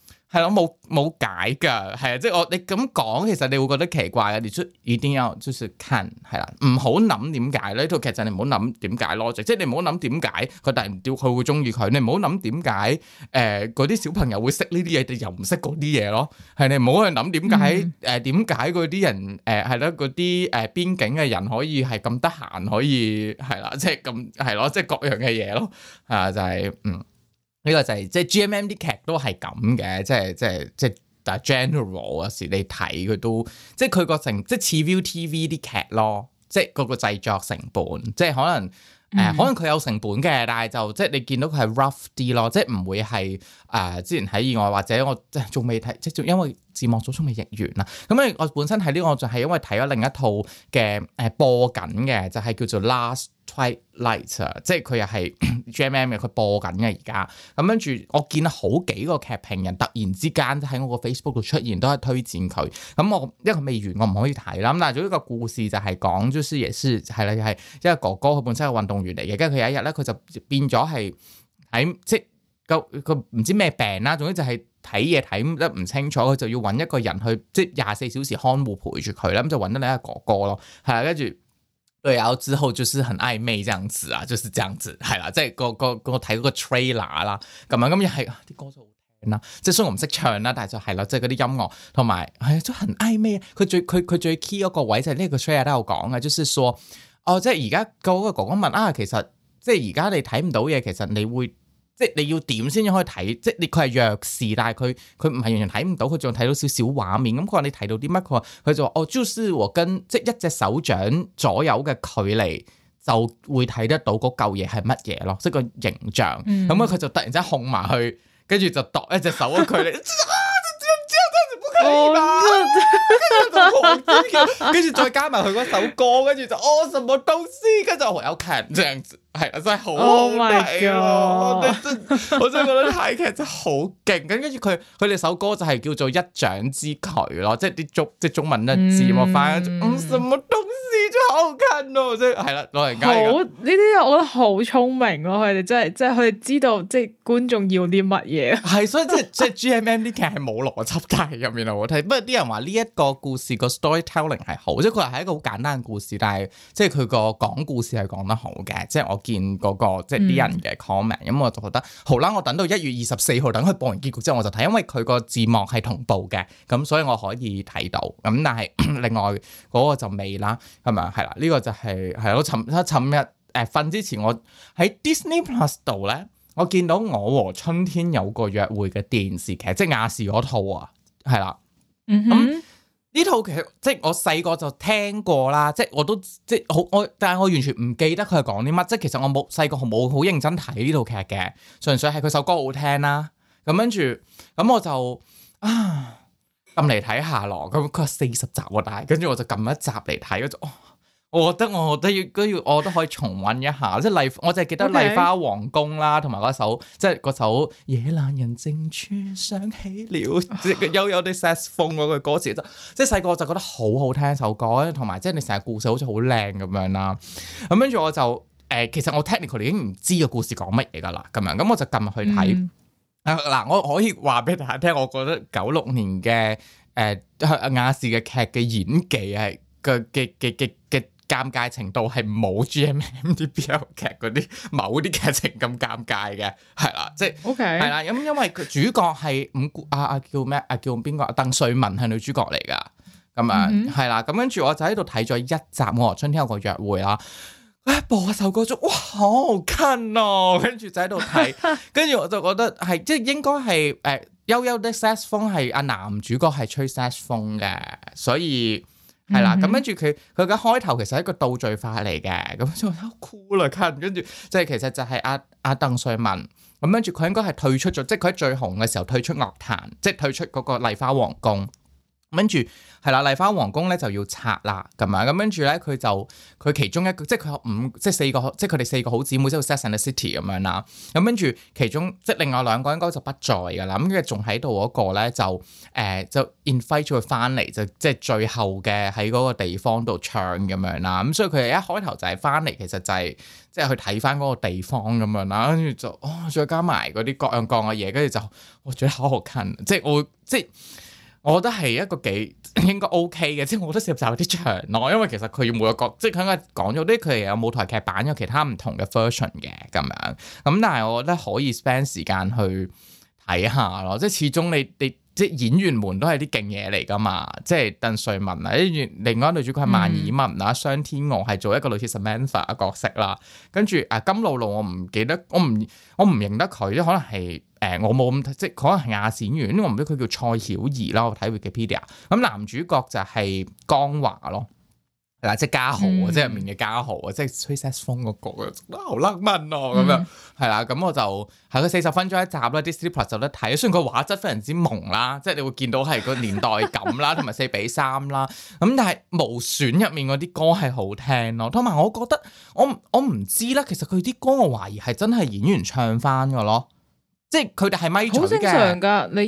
係咯，冇冇解噶，係啊！即係我你咁講，其實你會覺得奇怪啊。你出一定要就是看，係啦，唔好諗點解咧？呢套劇就你唔好諗點解咯，就即係你唔好諗點解佢突然掉佢會中意佢。你唔好諗點解？誒，嗰啲小朋友會識呢啲嘢，你又唔識嗰啲嘢咯。係你唔好去諗點解？誒，點解嗰啲人？誒，係啦，嗰啲誒邊境嘅人可以係咁得閒，可以係啦，即係咁係咯，即係各樣嘅嘢咯。係啊，就係嗯。呢個就係即係 GMM 啲劇都係咁嘅，即係、MM、即係即係，但係 general 嗰時你睇佢都，即係佢個成即係似 Viu TV 啲劇咯，即係嗰個製作成本，即係可能誒、呃，可能佢有成本嘅，但係就即係你見到佢係 rough 啲咯，即係唔會係誒、呃、之前喺意外或者我即係仲未睇，即係因為字幕組仲未譯完啊。咁誒，我本身喺呢、這個就係因為睇咗另一套嘅誒、呃、播緊嘅，就係、是、叫做 Last Twilight 即係佢又係 GMM 嘅，佢播緊嘅而家。咁跟住我見到好幾個劇評人突然之間喺我個 Facebook 度出現，都係推薦佢。咁我因為佢未完，我唔可以睇啦。咁但係仲有個故事就係講，就是也是係啦，又係因為哥哥佢本身係運動員嚟嘅，跟住佢有一日咧，佢就變咗係喺即係個佢唔知咩病啦。總之就係睇嘢睇得唔清楚，佢就要揾一個人去即係廿四小時看護陪住佢啦。咁就揾到你一個哥哥咯，係啊，跟住。對，然後之後就是很曖昧這樣子啊，就是這樣子，係啦，再、就是、個個個睇嗰個 trailer 啦，咁啊，咁又係啲歌就好聽啦，啊，即雖然我唔識唱啦，但係就係、是、啦，即係嗰啲音樂同埋係、就、哎、很曖昧啊。佢最佢佢最 key 一個位就係呢個 trailer 都有講嘅，就是說哦，即係而家個個哥哥問啊，其實即係而家你睇唔到嘢，其實你會。即你要點先可以睇？即你佢係弱視，但係佢佢唔係完全睇唔到，佢仲睇到少少畫面。咁佢話你睇到啲乜？佢話佢就話哦，朱斯和根，即一隻手掌左右嘅距離就會睇得到嗰嚿嘢係乜嘢咯，即係個形象。咁啊、嗯，佢就突然之間控埋去，跟住就度一隻手嘅距離，跟住、 啊啊、再加埋佢嗰首歌，跟住就哦什麼東西，跟住好有勁，這係、嗯、啊，真係好我真我真覺得睇劇真係好勁咁。跟住佢佢哋首歌就係叫做《一掌之隔》咯，即係啲中即係中文嘅字幕翻。唔、mm hmm.，什麼東西都好近咯、啊？即係係啦，老人家。好呢啲，我覺得好聰明咯、啊！佢哋真係即係佢哋知道即係、就是、觀眾要啲乜嘢。係 所以即係即係 G M M 啲劇係冇邏輯，但入面我睇。不過啲人話呢一個故事個 storytelling 係好，即係佢係一個好簡單嘅故事，但係即係佢個講故事係講得好嘅。即、就、係、是、我。見嗰，那個即係啲人嘅 comment，咁我就覺得好啦，我等到一月二十四號，等佢播完結局之後，我就睇，因為佢個字幕係同步嘅，咁所以我可以睇到。咁、嗯、但係另外嗰，那個就未啦，係咪啊？係啦，呢，這個就係係我尋日誒瞓，呃、之前我，我喺 Disney Plus 度咧，我見到我和春天有個約會嘅電視劇，即係亞視嗰套啊，係啦，嗯哼。嗯呢套劇即係我細個就聽過啦，即係我都即係好我，但係我完全唔記得佢係講啲乜，即係其實我冇細個冇好認真睇呢套劇嘅，純粹係佢首歌好聽啦。咁跟住咁我就啊撳嚟睇下咯。咁佢話四十集喎，但係跟住我就撳一集嚟睇嗰我覺得我都要都要，我都可以重温一下。即係麗，我就係記得麗花皇宮啦，同埋嗰首即係首《夜闌人靜處想起了》，悠悠啲 saxophone 嗰個歌詞即係細個就覺得好好聽首歌，同埋即係你成日故事好似好靚咁樣啦。咁跟住我就誒、呃，其實我 technical 已經唔知個故事講乜嘢噶啦，咁樣咁我就撳入去睇。嗱、嗯啊，我可以話俾大家聽，我覺得九六年嘅誒、呃、亞視嘅劇嘅演技係嘅嘅嘅嘅嘅。啊尷尬程度係冇 GMM 啲 BL 劇嗰啲某啲劇情咁尷尬嘅，係啦，即係，OK，係啦，咁因為主角係五啊啊叫咩啊叫邊個？鄧萃雯係女主角嚟㗎，咁啊係啦，咁跟住我就喺度睇咗一集《我和春天有個約會》啦，播嗰首歌就哇好好聽咯，跟住就喺度睇，跟住我就覺得係即係應該係誒悠悠的色士風係阿男主角係吹色士風嘅，所以。係 啦，咁跟住佢佢嘅開頭其實係一個倒敘法嚟嘅，咁就好酷啦，跟住即係其實就係阿阿鄧瑞文，咁跟住佢應該係退出咗，即係佢喺最紅嘅時候退出樂壇，即係退出嗰個麗花皇宮。跟住，係啦，麗花皇宮咧就要拆啦，咁啊，咁跟住咧佢就佢其中一個，即係佢有五，即係四個，即係佢哋四個好姊妹即度 set in the city 咁樣啦。咁跟住其中，即係另外兩個應該就不在噶啦。咁跟住仲喺度嗰個咧就誒就 invite 咗佢翻嚟，就、呃、就，就即係最後嘅喺嗰個地方度唱咁樣啦。咁所以佢哋一開頭就係翻嚟，其實就係、是、即係去睇翻嗰個地方咁樣啦。跟住就哦，再加埋嗰啲各樣各樣嘅嘢，跟住就我覺得好好近，即係我即係。我覺得係一個幾 應該 O K 嘅，即係我都接受有啲長咯，因為其實佢每一個，即係佢喺度講咗，啲佢哋有舞台劇版有其他唔同嘅 version 嘅咁樣，咁但係我覺得可以 spend 時間去睇下咯，即係始終你你。即係演員們都係啲勁嘢嚟噶嘛，即係鄧瑞文啊，跟另外一女主角係萬綺雯啊，商，嗯、天娥係做一個類似 Samantha 嘅角色啦，跟住啊金露露我唔記得，我唔我唔認得佢，呢可能係誒、呃、我冇咁即可能係亞演員，因為我唔知佢叫蔡曉儀啦，我睇會嘅 Pedia，咁男主角就係江華咯。嗱、嗯，即係加豪，那個、啊，即係入面嘅加豪啊，即係吹 Sax 風嗰個，好甩問咯咁樣，係啦、嗯，咁我就喺佢四十分鐘一集啦，《啲 s c i p l e 就得睇，雖然個畫質非常之朦啦，即係你會見到係個年代感啦，同埋四比三啦，咁但係無損入面嗰啲歌係好聽咯，同埋我覺得我我唔知啦，其實佢啲歌我懷疑係真係演員唱翻嘅咯。即係佢哋係咪唱好正常噶你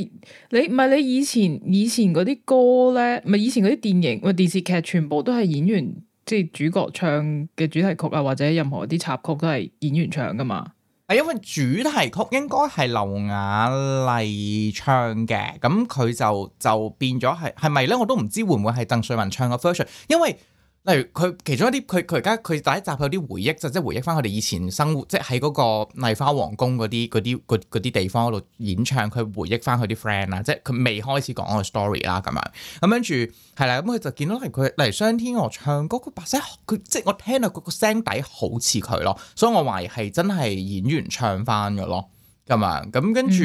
你唔係你以前以前嗰啲歌咧，唔係以前嗰啲電影或電視劇全部都係演員即係主角唱嘅主題曲啊，或者任何一啲插曲都係演員唱噶嘛？係因為主題曲應該係劉雅麗唱嘅，咁佢就就變咗係係咪咧？我都唔知會唔會係鄧瑞文唱個 version，因為。例如佢其中一啲，佢佢而家佢第一集有啲回憶就即、是、係回憶翻佢哋以前生活，即係喺嗰個麗花皇宮嗰啲啲啲地方喺度演唱，佢回憶翻佢啲 friend 啦，即係佢未開始講嗰個 story 啦咁樣。咁跟住係啦，咁佢、嗯嗯、就見到例如雙天鵝唱歌，佢、那個、白色佢即係我聽到嗰個聲底好似佢咯，所以我懷疑係真係演員唱翻嘅咯咁樣。咁跟住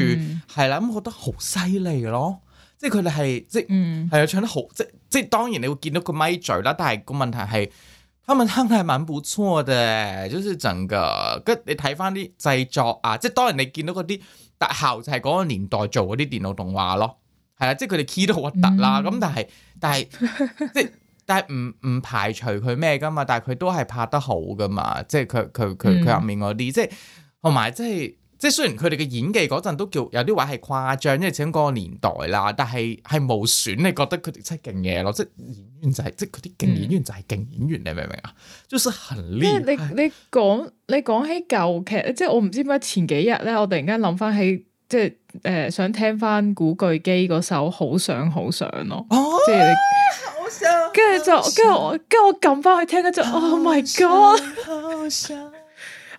係啦，咁、嗯、我覺得好犀利咯～即係佢哋係，即係係啊，嗯、唱得好，即係即係當然你會見到個咪嘴啦，但係個問題係，他們生得係蠻唔錯嘅，就是整個，跟住你睇翻啲製作啊，即係當然你見到嗰啲特效就係嗰個年代做嗰啲電腦動畫咯，係啊，即係佢哋 key 都好核突啦，咁、嗯、但係但係 即係但係唔唔排除佢咩噶嘛，但係佢都係拍得好噶嘛，即係佢佢佢佢入面嗰啲，即係同埋即係。即係雖然佢哋嘅演技嗰陣都叫有啲位係誇張，因為始終嗰個年代啦。但係係無損，你覺得佢哋真係勁嘢咯！即係演員就係、是、即係佢啲勁演員就係、是、勁、嗯、演員，你明唔明啊？就是很厲害你、哎、你講你講起舊劇，即係我唔知點解前幾日咧，我突然間諗翻起即係誒想聽翻古巨基嗰首《好想好想》咯。哦，好想，跟住就跟住、oh, 'll 我跟住我撳翻去聽，跟住 oh my god！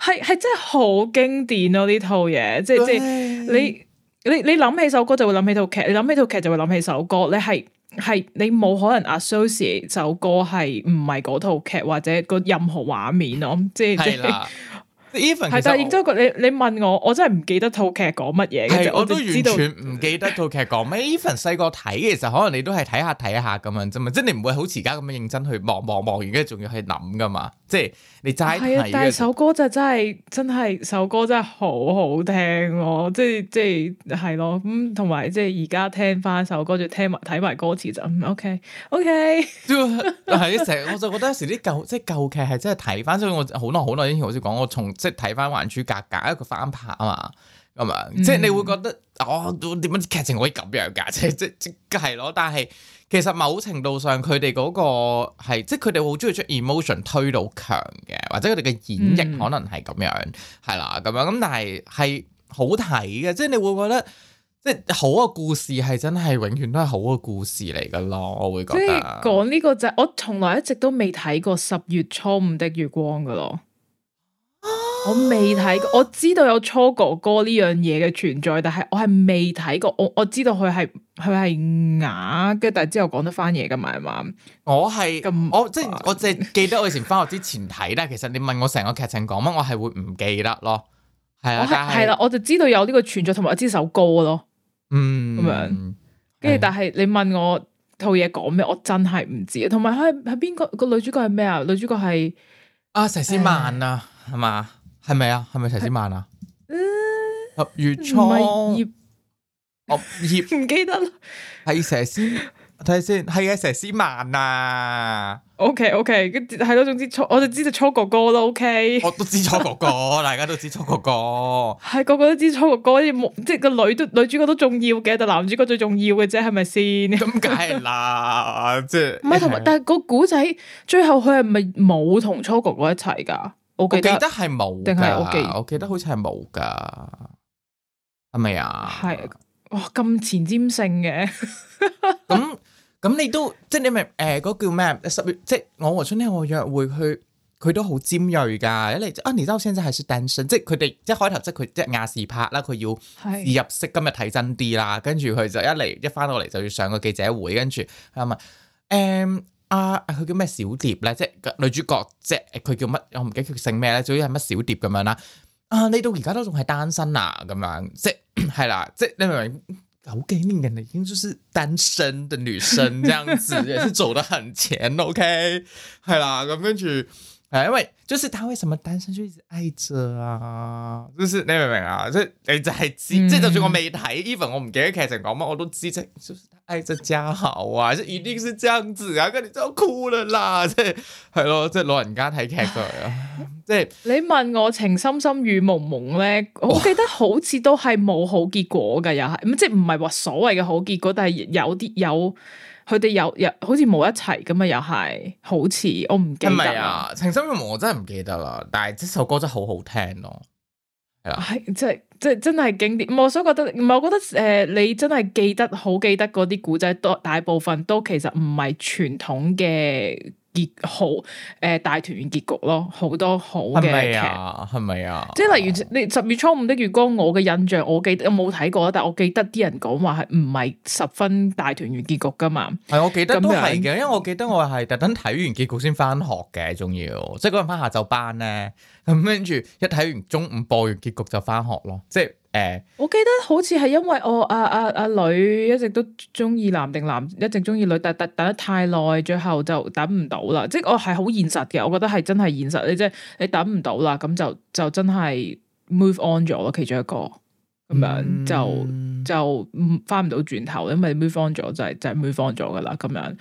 係係真係好經典咯、啊、呢套嘢，即係即係你你你諗起首歌就會諗起套劇，你諗起套劇就會諗起首歌，你係係你冇可能 associate 首歌係唔係嗰套劇或者個任何畫面咯， 即係即係你。Even 係，但係亦都你，你問我，我真係唔記得套劇講乜嘢其實，我，我都完全唔記得套劇講咩。Even 細個睇嘅時候，可能你都係睇下睇下咁樣啫嘛，即係你唔會好似而家咁樣認真去望望望，完跟住仲要去諗噶嘛。即係你齋睇。但係首歌就真係真係首歌真係好好聽咯、啊。即係即係係咯，咁同埋即係而家聽翻首歌，就聽埋睇埋歌詞就 OK OK。 但係成日我就覺得有時啲舊即係舊劇係真係睇翻，所以我好耐好耐以前好似講我從。即係睇翻《還珠格格》，一個翻拍啊嘛，咁樣，即係你會覺得，嗯、哦，點解劇情可以咁樣噶、啊？即係即即係咯。但係其實某程度上，佢哋嗰個係，即係佢哋好中意出 emotion 推到強嘅，或者佢哋嘅演繹可能係咁樣，係啦、嗯，咁樣咁，但係係好睇嘅。即係你會覺得，即係好嘅故事係真係永遠都係好嘅故事嚟噶咯。我會覺得，講呢、呢個就係我從來一直都未睇過十月初五的月光噶咯。我未睇過，我知道有初哥哥呢樣嘢嘅存在，但係我係未睇過。我我知道佢係佢係啞，跟住但係之後講得翻嘢噶嘛？係嘛是？我係咁，我即係我淨係記得我以前翻學之前睇啦。其實你問我成個劇情講乜，我係會唔記得咯。係啊，係啦是是、啊，我就知道有呢個存在，同埋我知首歌咯。嗯，咁樣。跟住、嗯，但係你問我套嘢講咩，我真係唔知。同埋，佢係邊個？個女主角係咩啊？女主角係阿佘詩曼啊，係嘛、啊？係咪啊？係咪佘詩曼啊？嗯？十月初葉，葉唔記得啦。係佘詩，睇下先，係啊佘詩曼啊。OK OK，跟係咯，總之初我就知道初哥哥咯。OK，我都知初哥哥，大家都知初哥哥。係個個都知初哥哥，即係冇，即係個女女主角都重要嘅，但男主角最重要嘅啫，係咪先？咁梗係啦，即、就、係、係。唔係同埋，但係個古仔最後佢係咪冇同初哥哥哥一齊噶？我記得係冇，定係我記，我記，我記得好似係冇㗎，係咪啊？係哇，咁前瞻性嘅，咁 咁你都即係你咪誒嗰叫咩？十月即係《我和春天我約會》，去，佢都好尖鋭㗎。一嚟 Annie 周先生係 set tension，即係佢哋一開頭即係佢即係亞視拍啦，佢要入息今日睇真啲啦，跟住佢就一嚟一翻到嚟就要上個記者會，跟住係咪？誒、嗯。啊，佢、啊、叫咩小蝶咧？即係女主角，即係佢叫乜？我唔記得佢姓咩咧，總之係乜小蝶咁樣啦。啊，你到而家都仲係單身啊？咁樣，即係 啦，即係你明唔明？好 gay 呢個人已經就是單身嘅女生，這樣子也是做得很前，OK？係啦，咁跟住，誒，因為就是他為什麼單身就一直愛着啊？就是你明唔明啊？即係誒，即係你就知，即係、嗯、就，就算我未睇，even 我唔記得劇情講乜，我都知即愛着、哎、家好啊，即係一定是這樣子啊，跟住就哭了啦，即係係咯，即係老人家睇劇就係啦，即係你問我情深深雨蒙蒙咧，我記得好似都係冇好結果㗎，哇 又係即係唔係話所謂嘅好結果，但係有啲有佢哋有有好似冇一齊咁啊，又係好似我唔記得是是啊，情深深雨蒙我真係唔記得啦，但係這首歌真係好好聽咯，啊，係即係。哎即係真係經典，我所覺得唔係，我覺得誒、呃，你真係記得好記得嗰啲古仔，多大部分都其實唔係傳統嘅。結好誒、呃，大團圓結局咯，好多好嘅劇，係咪啊？係咪啊？即係例如你十月初五的月光，我嘅印象我記得，我記得有冇睇過，但我記得啲人講話係唔係十分大團圓結局噶嘛？係我記得都係嘅，樣因為我記得我係特登睇完結局先翻學嘅，仲要即係嗰陣翻下晝班咧，咁跟住一睇完中午播完結局就翻學咯，即係。誒，uh, 我記得好似係因為我阿阿阿女一直都中意男定男，一直中意女，但等等得太耐，最後就等唔到啦。即係我係好現實嘅，我覺得係真係現實，你即係你等唔到啦，咁就就真係 move on 咗咯。其中一個咁樣，嗯、就就返唔到轉頭，因為 move on 咗就係、是、就係、是、move on 咗噶啦。咁樣，誒、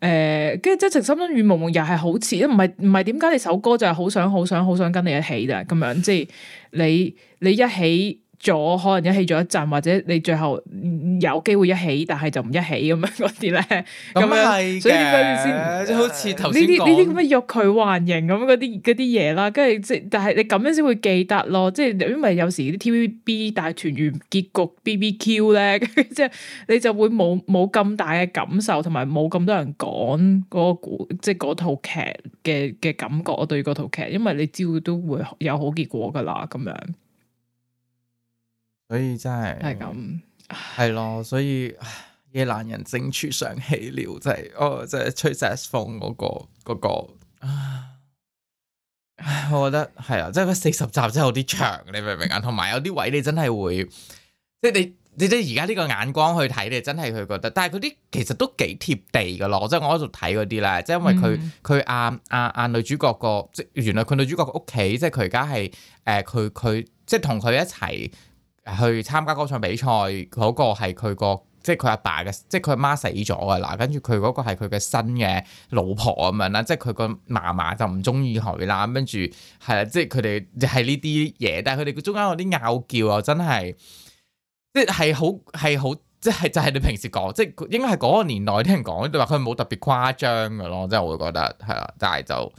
呃，跟住即係《情深深雨濛濛》又係好似，唔係唔係點解？你首歌就係好想好想好想跟你一起咋咁樣？即係你你，你一起。咗可能一起咗一陣，或者你最後有機會一起，但係就唔一起咁樣嗰啲咧，咁樣係所以先，好似頭先呢啲呢啲咁樣欲拒還迎咁嗰啲嗰啲嘢啦，跟住即但係你咁樣先會記得咯，即係因為有時啲 TVB 大團圓結局 BBQ 咧，即 係你就會冇冇咁大嘅感受，同埋冇咁多人講嗰、嗰個故，即係嗰套劇嘅嘅感覺。我對嗰套劇，因為你知會都會有好結果噶啦，咁樣。所以真係係咁係咯，所以唉夜闌人靜處，上起了真係、就是、哦，真、就、係、是、吹晒風嗰、那個嗰、那個啊。我覺得係啊，即係四十集真係有啲長，你明唔明啊？同埋 有啲位你真係會即係、就是、你你你而家呢個眼光去睇，你真係會覺得。但係嗰啲其實都幾貼地噶咯，即、就、係、是、我喺度睇嗰啲啦。即、就、係、是、因為佢佢阿阿阿女主角個即原來佢女主角個屋企，即係佢而家係誒，佢、呃、佢即係同佢一齊。去參加歌唱比賽，嗰個係佢個，即係佢阿爸嘅，即係佢阿媽死咗嘅啦。跟住佢嗰個係佢嘅新嘅老婆咁樣啦，即係佢個嫲嫲就唔中意佢啦。跟住係啦，即係佢哋係呢啲嘢，但係佢哋中間有啲拗撬啊，真係即係好係好，即係就係你平時講，即係應該係嗰個年代啲人講，你話佢冇特別誇張嘅咯。即係我會覺得係啦，但係就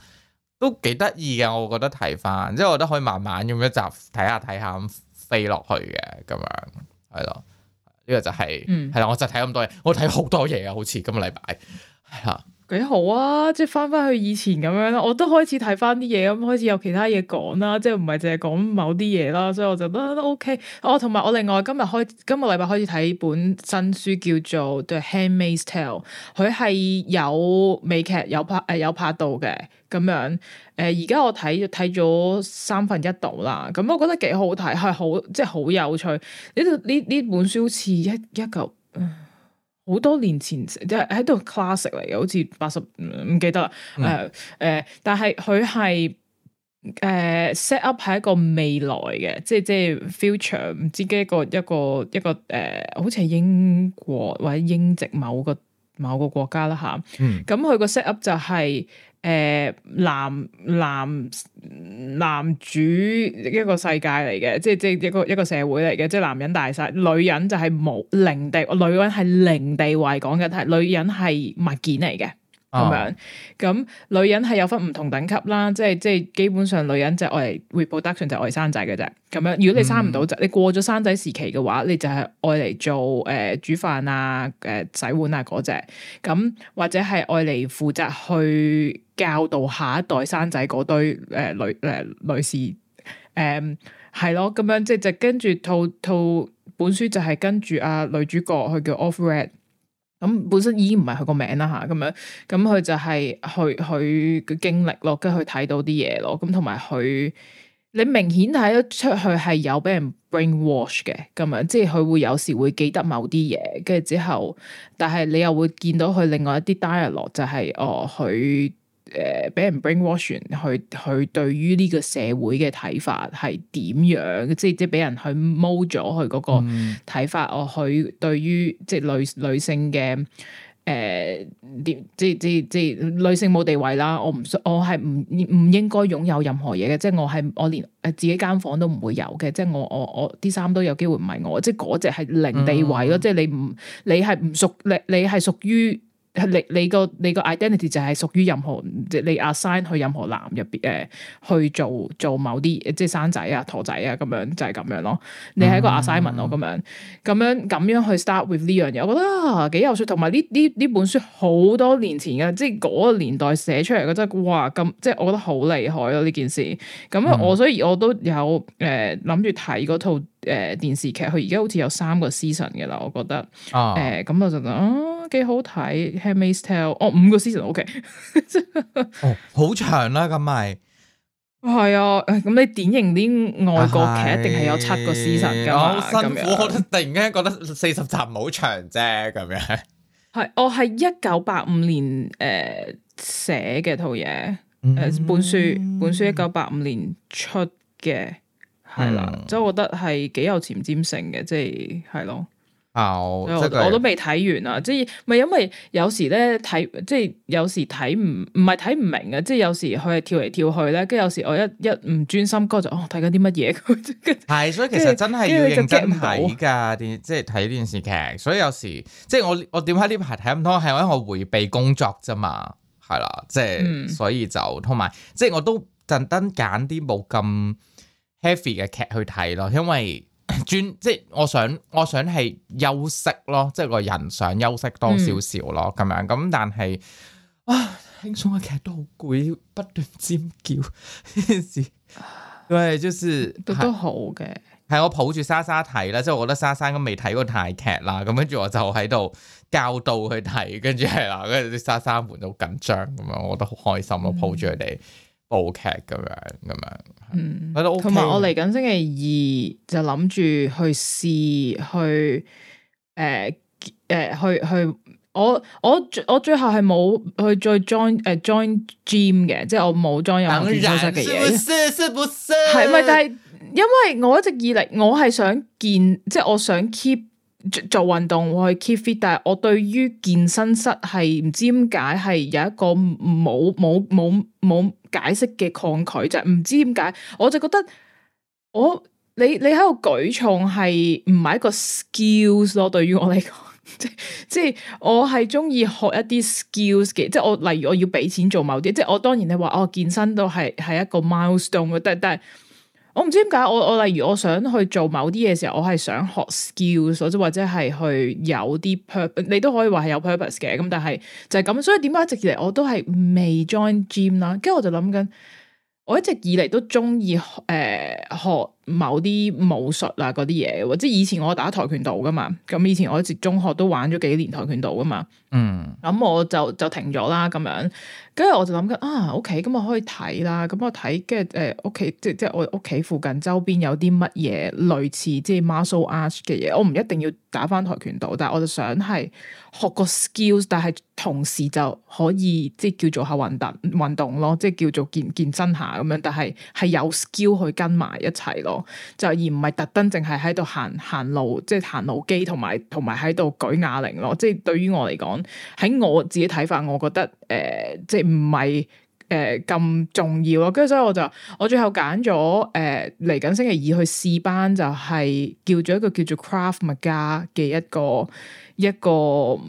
都幾得意嘅，我會覺得睇翻，即係我覺得可以慢慢咁一集睇下睇下飛落去嘅咁樣，係咯，呢、這個就係、是，係啦、嗯，我就睇咁多嘢，我睇好多嘢啊，好似今個禮拜，係啦。幾好啊！即係翻翻去以前咁樣啦，我都開始睇翻啲嘢，咁開始有其他嘢講啦，即係唔係淨係講某啲嘢啦，所以我就得都、啊、OK。哦，同埋我另外今日開今個禮拜開始睇本新書叫做《The Handmaid's Tale》，佢係有美劇有拍誒、呃、有拍到嘅咁樣。誒、呃，而家我睇睇咗三分一度啦，咁我覺得幾好睇，係好即係好有趣。呢度呢呢本書好似一一嚿。好多年前即係喺度 classic 嚟嘅，好似八十，唔記得啦。誒誒、嗯呃，但係佢係誒 set up 喺一個未來嘅，即係即係 future 唔知嘅一個一個一個誒、呃，好似係英國或者英籍某個。某個國家啦吓，咁佢個 set up 就係、是、誒、呃、男男男主一個世界嚟嘅，即係即係一個一個社會嚟嘅，即係男人大晒，女人就係冇零地，女人係零地位，講緊係女人係物件嚟嘅。咁樣，咁、嗯、女人係有分唔同等級啦，即係即係基本上女人就愛嚟 reproduction 就愛生仔嘅啫，咁樣如果你生唔到就、嗯、你過咗生仔時期嘅話，你就係愛嚟做誒、呃、煮飯啊、誒、呃、洗碗啊嗰隻，咁、那個、或者係愛嚟負責去教導下一代生仔嗰堆誒女誒女士，誒、嗯、係咯，咁樣即係就跟住套套本書就係跟住阿、啊、女主角佢叫 Offred。Red, 咁本身已唔係佢個名啦吓，咁樣咁佢就係佢佢嘅經歷咯，跟住佢睇到啲嘢咯，咁同埋佢你明顯睇得出佢係有俾人 brainwash 嘅，咁樣即係佢會有時會記得某啲嘢，跟住之後，但係你又會見到佢另外一啲 dialog 就係哦佢。呃誒，俾、呃、人 brainwashing 去去對於呢個社會嘅睇法係點樣、嗯即？即係、呃、即係俾人去 mould 咗佢嗰個睇法。我佢對於即係女女性嘅誒，點即係即係即係女性冇地位啦。我唔我係唔唔應該擁有任何嘢嘅。即係我係我連誒自己間房都唔會有嘅。即係我我我啲衫都有機會唔係我。即係嗰只係零地位咯。嗯、即係你唔你係唔屬你你係屬於。你你個你個 identity 就係屬於任何，即你 assign 去任何男入邊誒、呃，去做做某啲即係生仔啊、陀仔啊咁樣，就係、是、咁樣咯。你係一個 assignment 咯、嗯，咁樣咁樣咁樣去 start with 呢樣嘢，我覺得幾、啊、有趣。同埋呢呢呢本書好多年前噶，即係嗰個年代寫出嚟嘅真係哇咁，即係我覺得好厲害咯、啊、呢件事。咁我所以我都有誒諗住睇嗰套誒電視劇，佢而家好似有三個 season 嘅啦，我覺得誒咁我就諗。呃嗯嗯幾、okay，好睇《Handmaid's Tale》哦，五個 season，O、okay、K， 哦，好長啦咁咪係啊？咁、 啊、你典型啲外國劇一定係有七個 season 噶，辛苦，我覺得突然間覺得四十集唔好長啫，咁樣係，我係一九八五年誒寫嘅套嘢，誒、呃、本書本書一九八五年出嘅，係啦，即係、嗯、我覺得係幾有前瞻性嘅，即係係咯。啊！我，是我都未睇完啊，即係咪因為有時咧睇，即係有時睇唔唔係睇唔明啊，即係有時佢係跳嚟跳去咧，跟住有時我一一唔專心，哥就哦睇緊啲乜嘢？係 所以其實真係後要認真睇噶電即係睇電視劇，所以有時即係我我點解呢排睇咁多，係因為我回避工作啫嘛，係啦，即係、嗯、所以就同埋即係我都特登揀啲冇咁 heavy 嘅劇去睇咯，因為。專即係我想，我想係休息咯，即係個人想休息多少少咯，咁樣咁，但係是啊，輕鬆嘅劇都好攰，不斷尖叫呢件事。對，就是都都好嘅，係我抱住莎莎睇啦，即係我覺得莎莎咁未睇過泰劇啦，咁跟住我就喺度教導佢睇，跟住係啦，跟住啲莎莎換到好緊張咁樣，我覺得好開心咯，抱住佢哋。嗯部劇咁樣咁樣，okay, right, right. 嗯，都 OK 同埋我嚟緊星期二就諗住去試去，誒、呃、誒、呃、去去我我我最後係冇去再 join 誒、呃、join gym 嘅，即係我冇 join 有健身室嘅嘢。是不是但係因為我一直以嚟我係想健，即係我想 keep 做做運動，我去 keep fit。但係我對於健身室係唔知點解係有一個冇冇冇冇。解釋嘅抗拒就係、是、唔知點解，我就覺得我你你喺度舉重係唔係一個 skills 咯？對於我嚟講，即即係我係中意學一啲 skills 嘅，即係我例如我要俾錢做某啲，即係我當然你話我、哦、健身都係係一個 milestone 但得得。但我唔知點解，我我例如我想去做某啲嘢時候，我係想學 skills，或者或者係去有啲 purpose，你都可以話係有 purpose 嘅。咁但係就係咁，所以點解一直以嚟我都係未 join gym 啦。跟住我就諗緊，我一直以嚟都鍾意誒學某啲武術啊，嗰啲嘢，或者以前我打跆拳道噶嘛，咁以前我一直中學都玩咗幾年跆拳道噶嘛，嗯，咁我就就停咗啦，咁樣，跟住我就諗緊啊，O K，咁我可以睇啦，咁我睇，跟住誒屋企，即即係我屋企附近周邊有啲乜嘢類似即係 martial arts 嘅嘢，我唔一定要打翻跆拳道，但係我就想係學個 skills，但係同時就可以即係叫做下運動運動咯，即係叫做健健身下咁樣，但係係有 skill 去跟埋一齊咯。就而唔係特登淨係喺度行行路，即係行路機，同埋同埋喺度舉啞鈴咯。即係對於我嚟講，喺我自己睇法，我覺得誒、呃，即係唔係誒咁重要咯。跟住所以我就我最後揀咗誒嚟緊星期二去試班，就係、是、叫咗一個叫做 Craft 物家嘅一個一個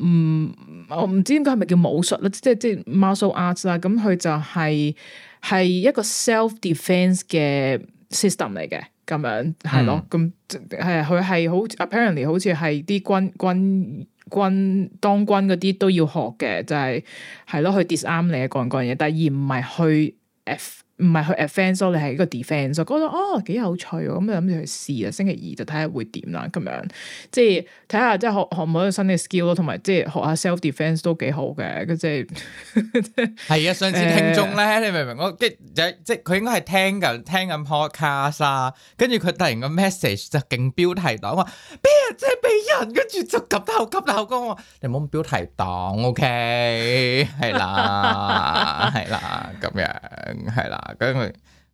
嗯，我唔知點解係咪叫武術啦，即係即係 m u s c l e Arts 啦。咁、嗯、佢就係、是、係一個 Self d e f e n s e 嘅 system 嚟嘅。咁樣係咯，咁係佢係好 apparently 好似係啲軍軍軍當軍嗰啲都要學嘅。就係係咯，佢 discriminate 各樣嘢，但係而唔係去 F。唔係去 advance 咯，你係一個 defence，覺得哦幾有趣，咁諗住去試啊。星期二就睇下會點啦，咁樣即係睇下即係學學唔學新嘅 skill 咯，同埋即係學下 self defence 都幾好嘅。咁即係係啊，上次聽眾咧，你明唔明？我即係即係佢應該係聽緊聽緊 podcast 啦，跟住佢突然個 message 就勁標題黨話俾人即係俾人，跟住就急鬧急鬧咁話你唔好標題黨，OK 係啦，係啦，咁樣係啦。跟住，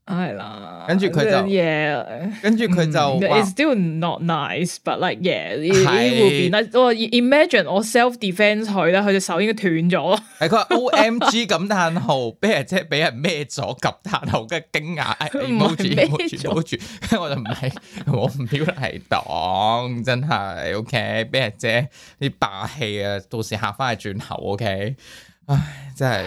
係啦、嗯。跟住佢就，跟住佢就。It's still not nice, but like, yeah, it will be nice. 我 imagine 我 self defence 佢咧，佢隻手應該斷咗。係佢話 O M G 感嘆號，俾 阿姐俾人咩咗？感嘆號跟住驚訝，哎，唔好住，唔好住，唔好住。咁我就唔係， 我唔表嚟擋，真係 OK。俾阿姐啲霸氣啊，到時嚇翻佢轉頭 OK、哎。唉，真係。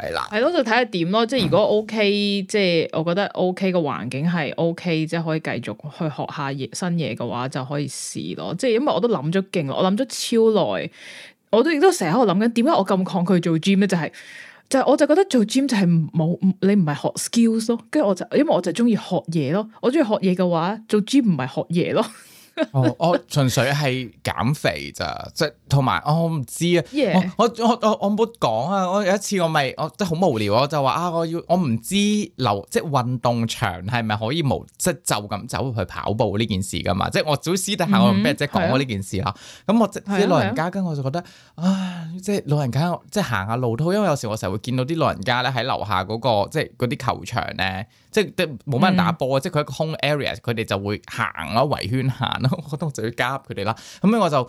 係啦，係咯，就睇下點咯。即係如果 OK、嗯、即係我覺得 OK 個環境係 OK，即係可以繼續去學下新嘢嘅話，就可以試咯。即係因為我都諗咗勁耐，我諗咗超耐，我都亦都成日喺度諗緊，點解我咁抗拒做 gym 咧？就係、是、就係、是、我就覺得做 gym 就係冇，你唔係學 skills 咯。跟住我就因為我就中意學嘢咯，我中意學嘢嘅話做 gym 唔係學嘢咯、哦。我純粹係減肥咋，即係。同埋我唔知啊，我我我我冇講啊！我有一次我咪我即係好無聊，我就話啊，我要我唔知留即係運動場係咪可以無即係就咁走入去跑步呢件事噶嘛？即係我早會私底下我唔俾即係講嗰呢件事啦。咁我即係、嗯、唉老人家，跟我就覺得啊，即係老人家即係行下路都好，因為有時我成日會見到啲老人家咧喺樓下嗰、嗰個即係嗰啲球場咧，即係冇乜人打波啊！嗯、即係佢一個空 area，佢哋就會行咯，圍圈行咯。我覺得我就要加佢哋啦。咁咧我就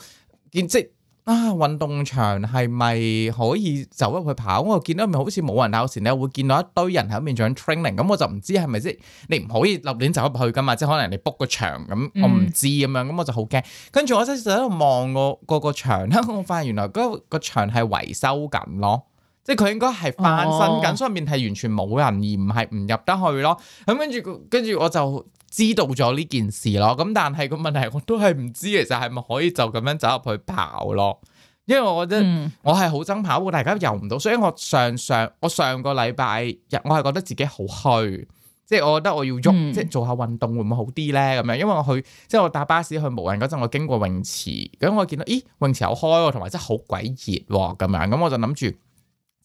見即啊！運動場係咪可以走入去跑？我見到咪好似冇人，有時你會見到一堆人喺面做 training，咁我就唔知係咪，即係你唔可以立亂走入去噶嘛？即係可能你 book 個場咁，我唔知咁、嗯、樣，咁我就好驚。跟住我真係就喺度望個個個場啦，我發現原來、嗰個、嗰個場係維修咁咯。即係佢應該係翻身緊，所、哦、面係完全冇人，而唔係唔入得去咯。咁跟住，跟住我就知道咗呢件事咯。咁但係個問題，我都係唔知，其實係咪可以就咁樣走入去跑咯？因為我覺、就、得、是嗯、我係好憎跑，但係而家遊唔到，所以我上上我上個禮拜日，我係覺得自己好虛，即係我覺得我要喐，嗯、即係做下運動會唔會好啲咧？咁樣因為我去即係我搭巴士去無人嗰陣，我經過泳池，咁我見到咦泳池有開喎，同埋真係好鬼熱喎咁樣，咁我就諗住。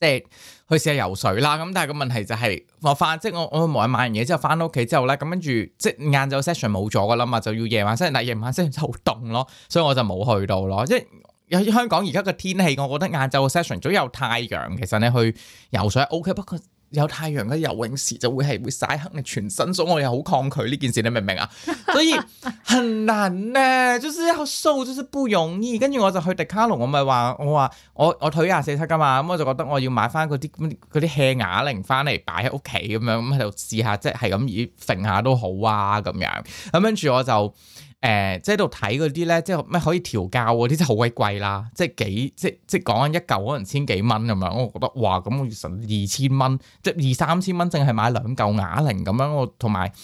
即係去試下游水啦，咁但係個問題就係我翻，即係我我買買完嘢之後翻到屋企之後咧，咁跟住即係晏晝 session 冇咗噶啦嘛，就要夜晚 session，但係夜晚 session 就好凍咯，所以我就冇去到咯。即係喺香港而家個天氣，我覺得晏晝 session 總有太陽，其實你去游水 OK，不過。有太陽嘅游泳時就會係會曬黑你全身，所以我又好抗拒呢件事，你明唔明啊？ 所以很難咧，啊，就是一個數，就是不容易。跟住我就去迪卡龍，我咪話我話我我腿廿四七噶嘛，咁我就覺得我要買翻嗰啲嗰啲氣啞鈴翻嚟擺喺屋企咁樣，咁喺度試下即係咁以揈下都好啊咁樣。咁跟住我就。誒、呃，即係度睇嗰啲咧，即係咩可以調校嗰啲，真係好鬼貴啦！即係幾，即係即係講緊一嚿可能千幾蚊咁樣，我，我覺得哇，咁我月神二千蚊，即係二三千蚊，淨係買兩嚿啞鈴咁樣，我同埋，咁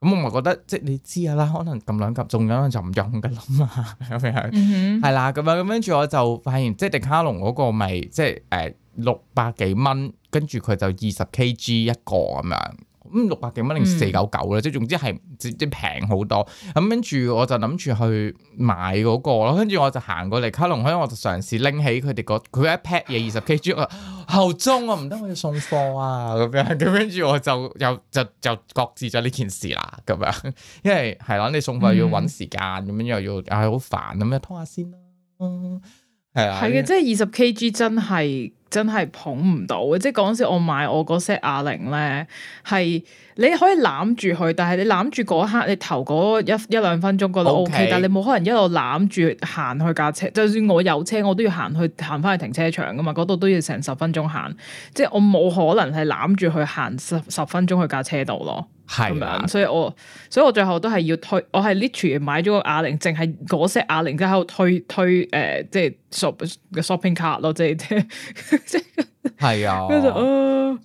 我咪覺得即係你知下啦，可能撳兩下，仲有樣就唔用嘅啦嘛，咁樣係啦，咁樣咁跟住我就發現，即係迪卡龍嗰個咪、就是、即係誒六百幾蚊，跟住佢就二十 kg 一個咁樣。99，嗯，六百幾蚊定四九九咧，即係總之係即即平好多。咁跟住我就諗住去買嗰、那個咯，跟住我就行過嚟卡隆香，我就嘗試拎起佢哋個佢一 pack 嘢，二十 KG 啊，啊後中啊唔得，我要送貨啊咁樣。咁跟住我就又就就擱置咗呢件事啦。咁樣，因為係啦，你送貨要揾時間，咁樣又要唉好煩咁樣，拖下先啦。係啊，係嘅，即係二十 K G 真係真係捧唔到。即係嗰時我買我嗰 set 啞鈴咧，係你可以攬住佢，但係你攬住嗰刻你頭嗰一一,一兩分鐘覺得 O K，但你冇可能一路攬住行去架車。就算我有車，我都要行去行翻去停車場噶嘛，嗰度都要成十分鐘行。即係我冇可能係攬住佢行十十分鐘去架車度咯。係咁，所以我所以我最後都係要推。我係 literally 買咗個啞鈴，淨係嗰 set 啞鈴就喺度推。退誒、呃，即係 shop 個 shopping 卡咯，即係即係係啊，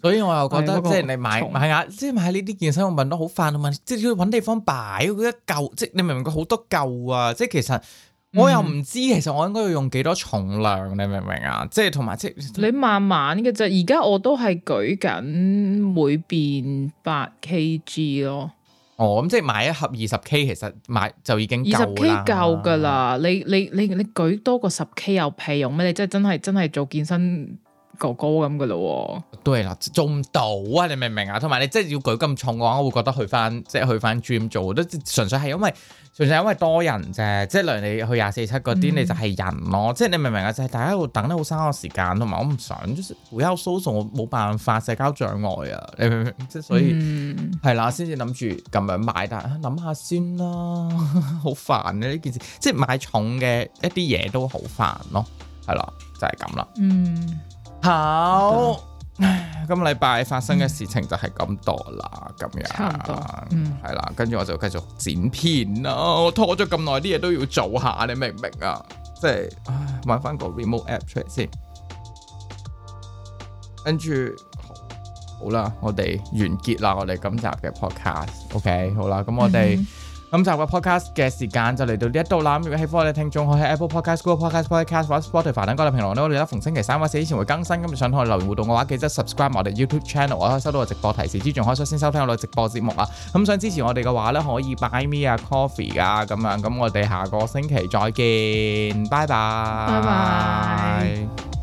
所以我又覺得、那個、即係你買買，買，買你你明明啊，即係買呢啲健身用品都好煩啊嘛，即係要搵地方擺，一舊即你明唔明？佢好多舊啊，即係其實。我又唔知，其實我應該要用幾多重量，你明唔明啊？即係同埋即係你慢慢嘅啫。而家我都係舉緊每邊八 kg 咯。哦，咁即係買一盒二十 k 其實買就已經夠十 k 夠噶啦。你你你你舉多過十 k 有屁用咩？你即係真係真係做健身。哥哥咁噶咯，高高對啦，做唔到啊！你明唔明啊？同埋你即係要舉咁重嘅話，我會覺得去翻，即係去翻 dream 做都純粹係因為純粹係因為多人啫。即係例如你去廿四七嗰啲，嗯、你就係人咯。即係你明唔明啊？就係、是、大家要等得好嘥我時間，同埋我唔想，會、就、又、是、social 我冇辦法社交障礙啊！你明唔明？即係所以係啦，先至諗住咁樣買，但係諗下先啦， 好煩啊呢件事即係買重嘅一啲嘢都好煩咯、啊，係啦，就係咁啦，嗯。好，Okay. 今個禮拜發生嘅事情就係咁多啦，咁樣係啦，跟住今天，、嗯、我就繼續剪片啦，我拖咗咁耐，啲嘢都要做下，你明唔明啊？即係，唉，買翻個 remote app 出嚟先，跟住好啦，我哋完結啦，我哋今集嘅 podcast，OK，okay? 好啦，咁我哋。嗯咁就個 podcast 嘅時間就嚟到呢一度啦，咁如果喜歡咧，聽眾可以喺 Apple Podcast、Google Podcast, podcast, podcast Spotify、Podcast Plus Podder 等各類平台，我哋得逢星期三或者四之前會更新，咁就上去留言互動嘅話，記得 subscribe 我哋 YouTube Channel，可以收到我直播提示，之仲可以率先收聽我哋直播節目啊！咁、嗯、想支持我哋嘅話咧，可以 buy me 啊 coffee 啊咁樣，咁我哋下個星期再見，拜拜，拜拜。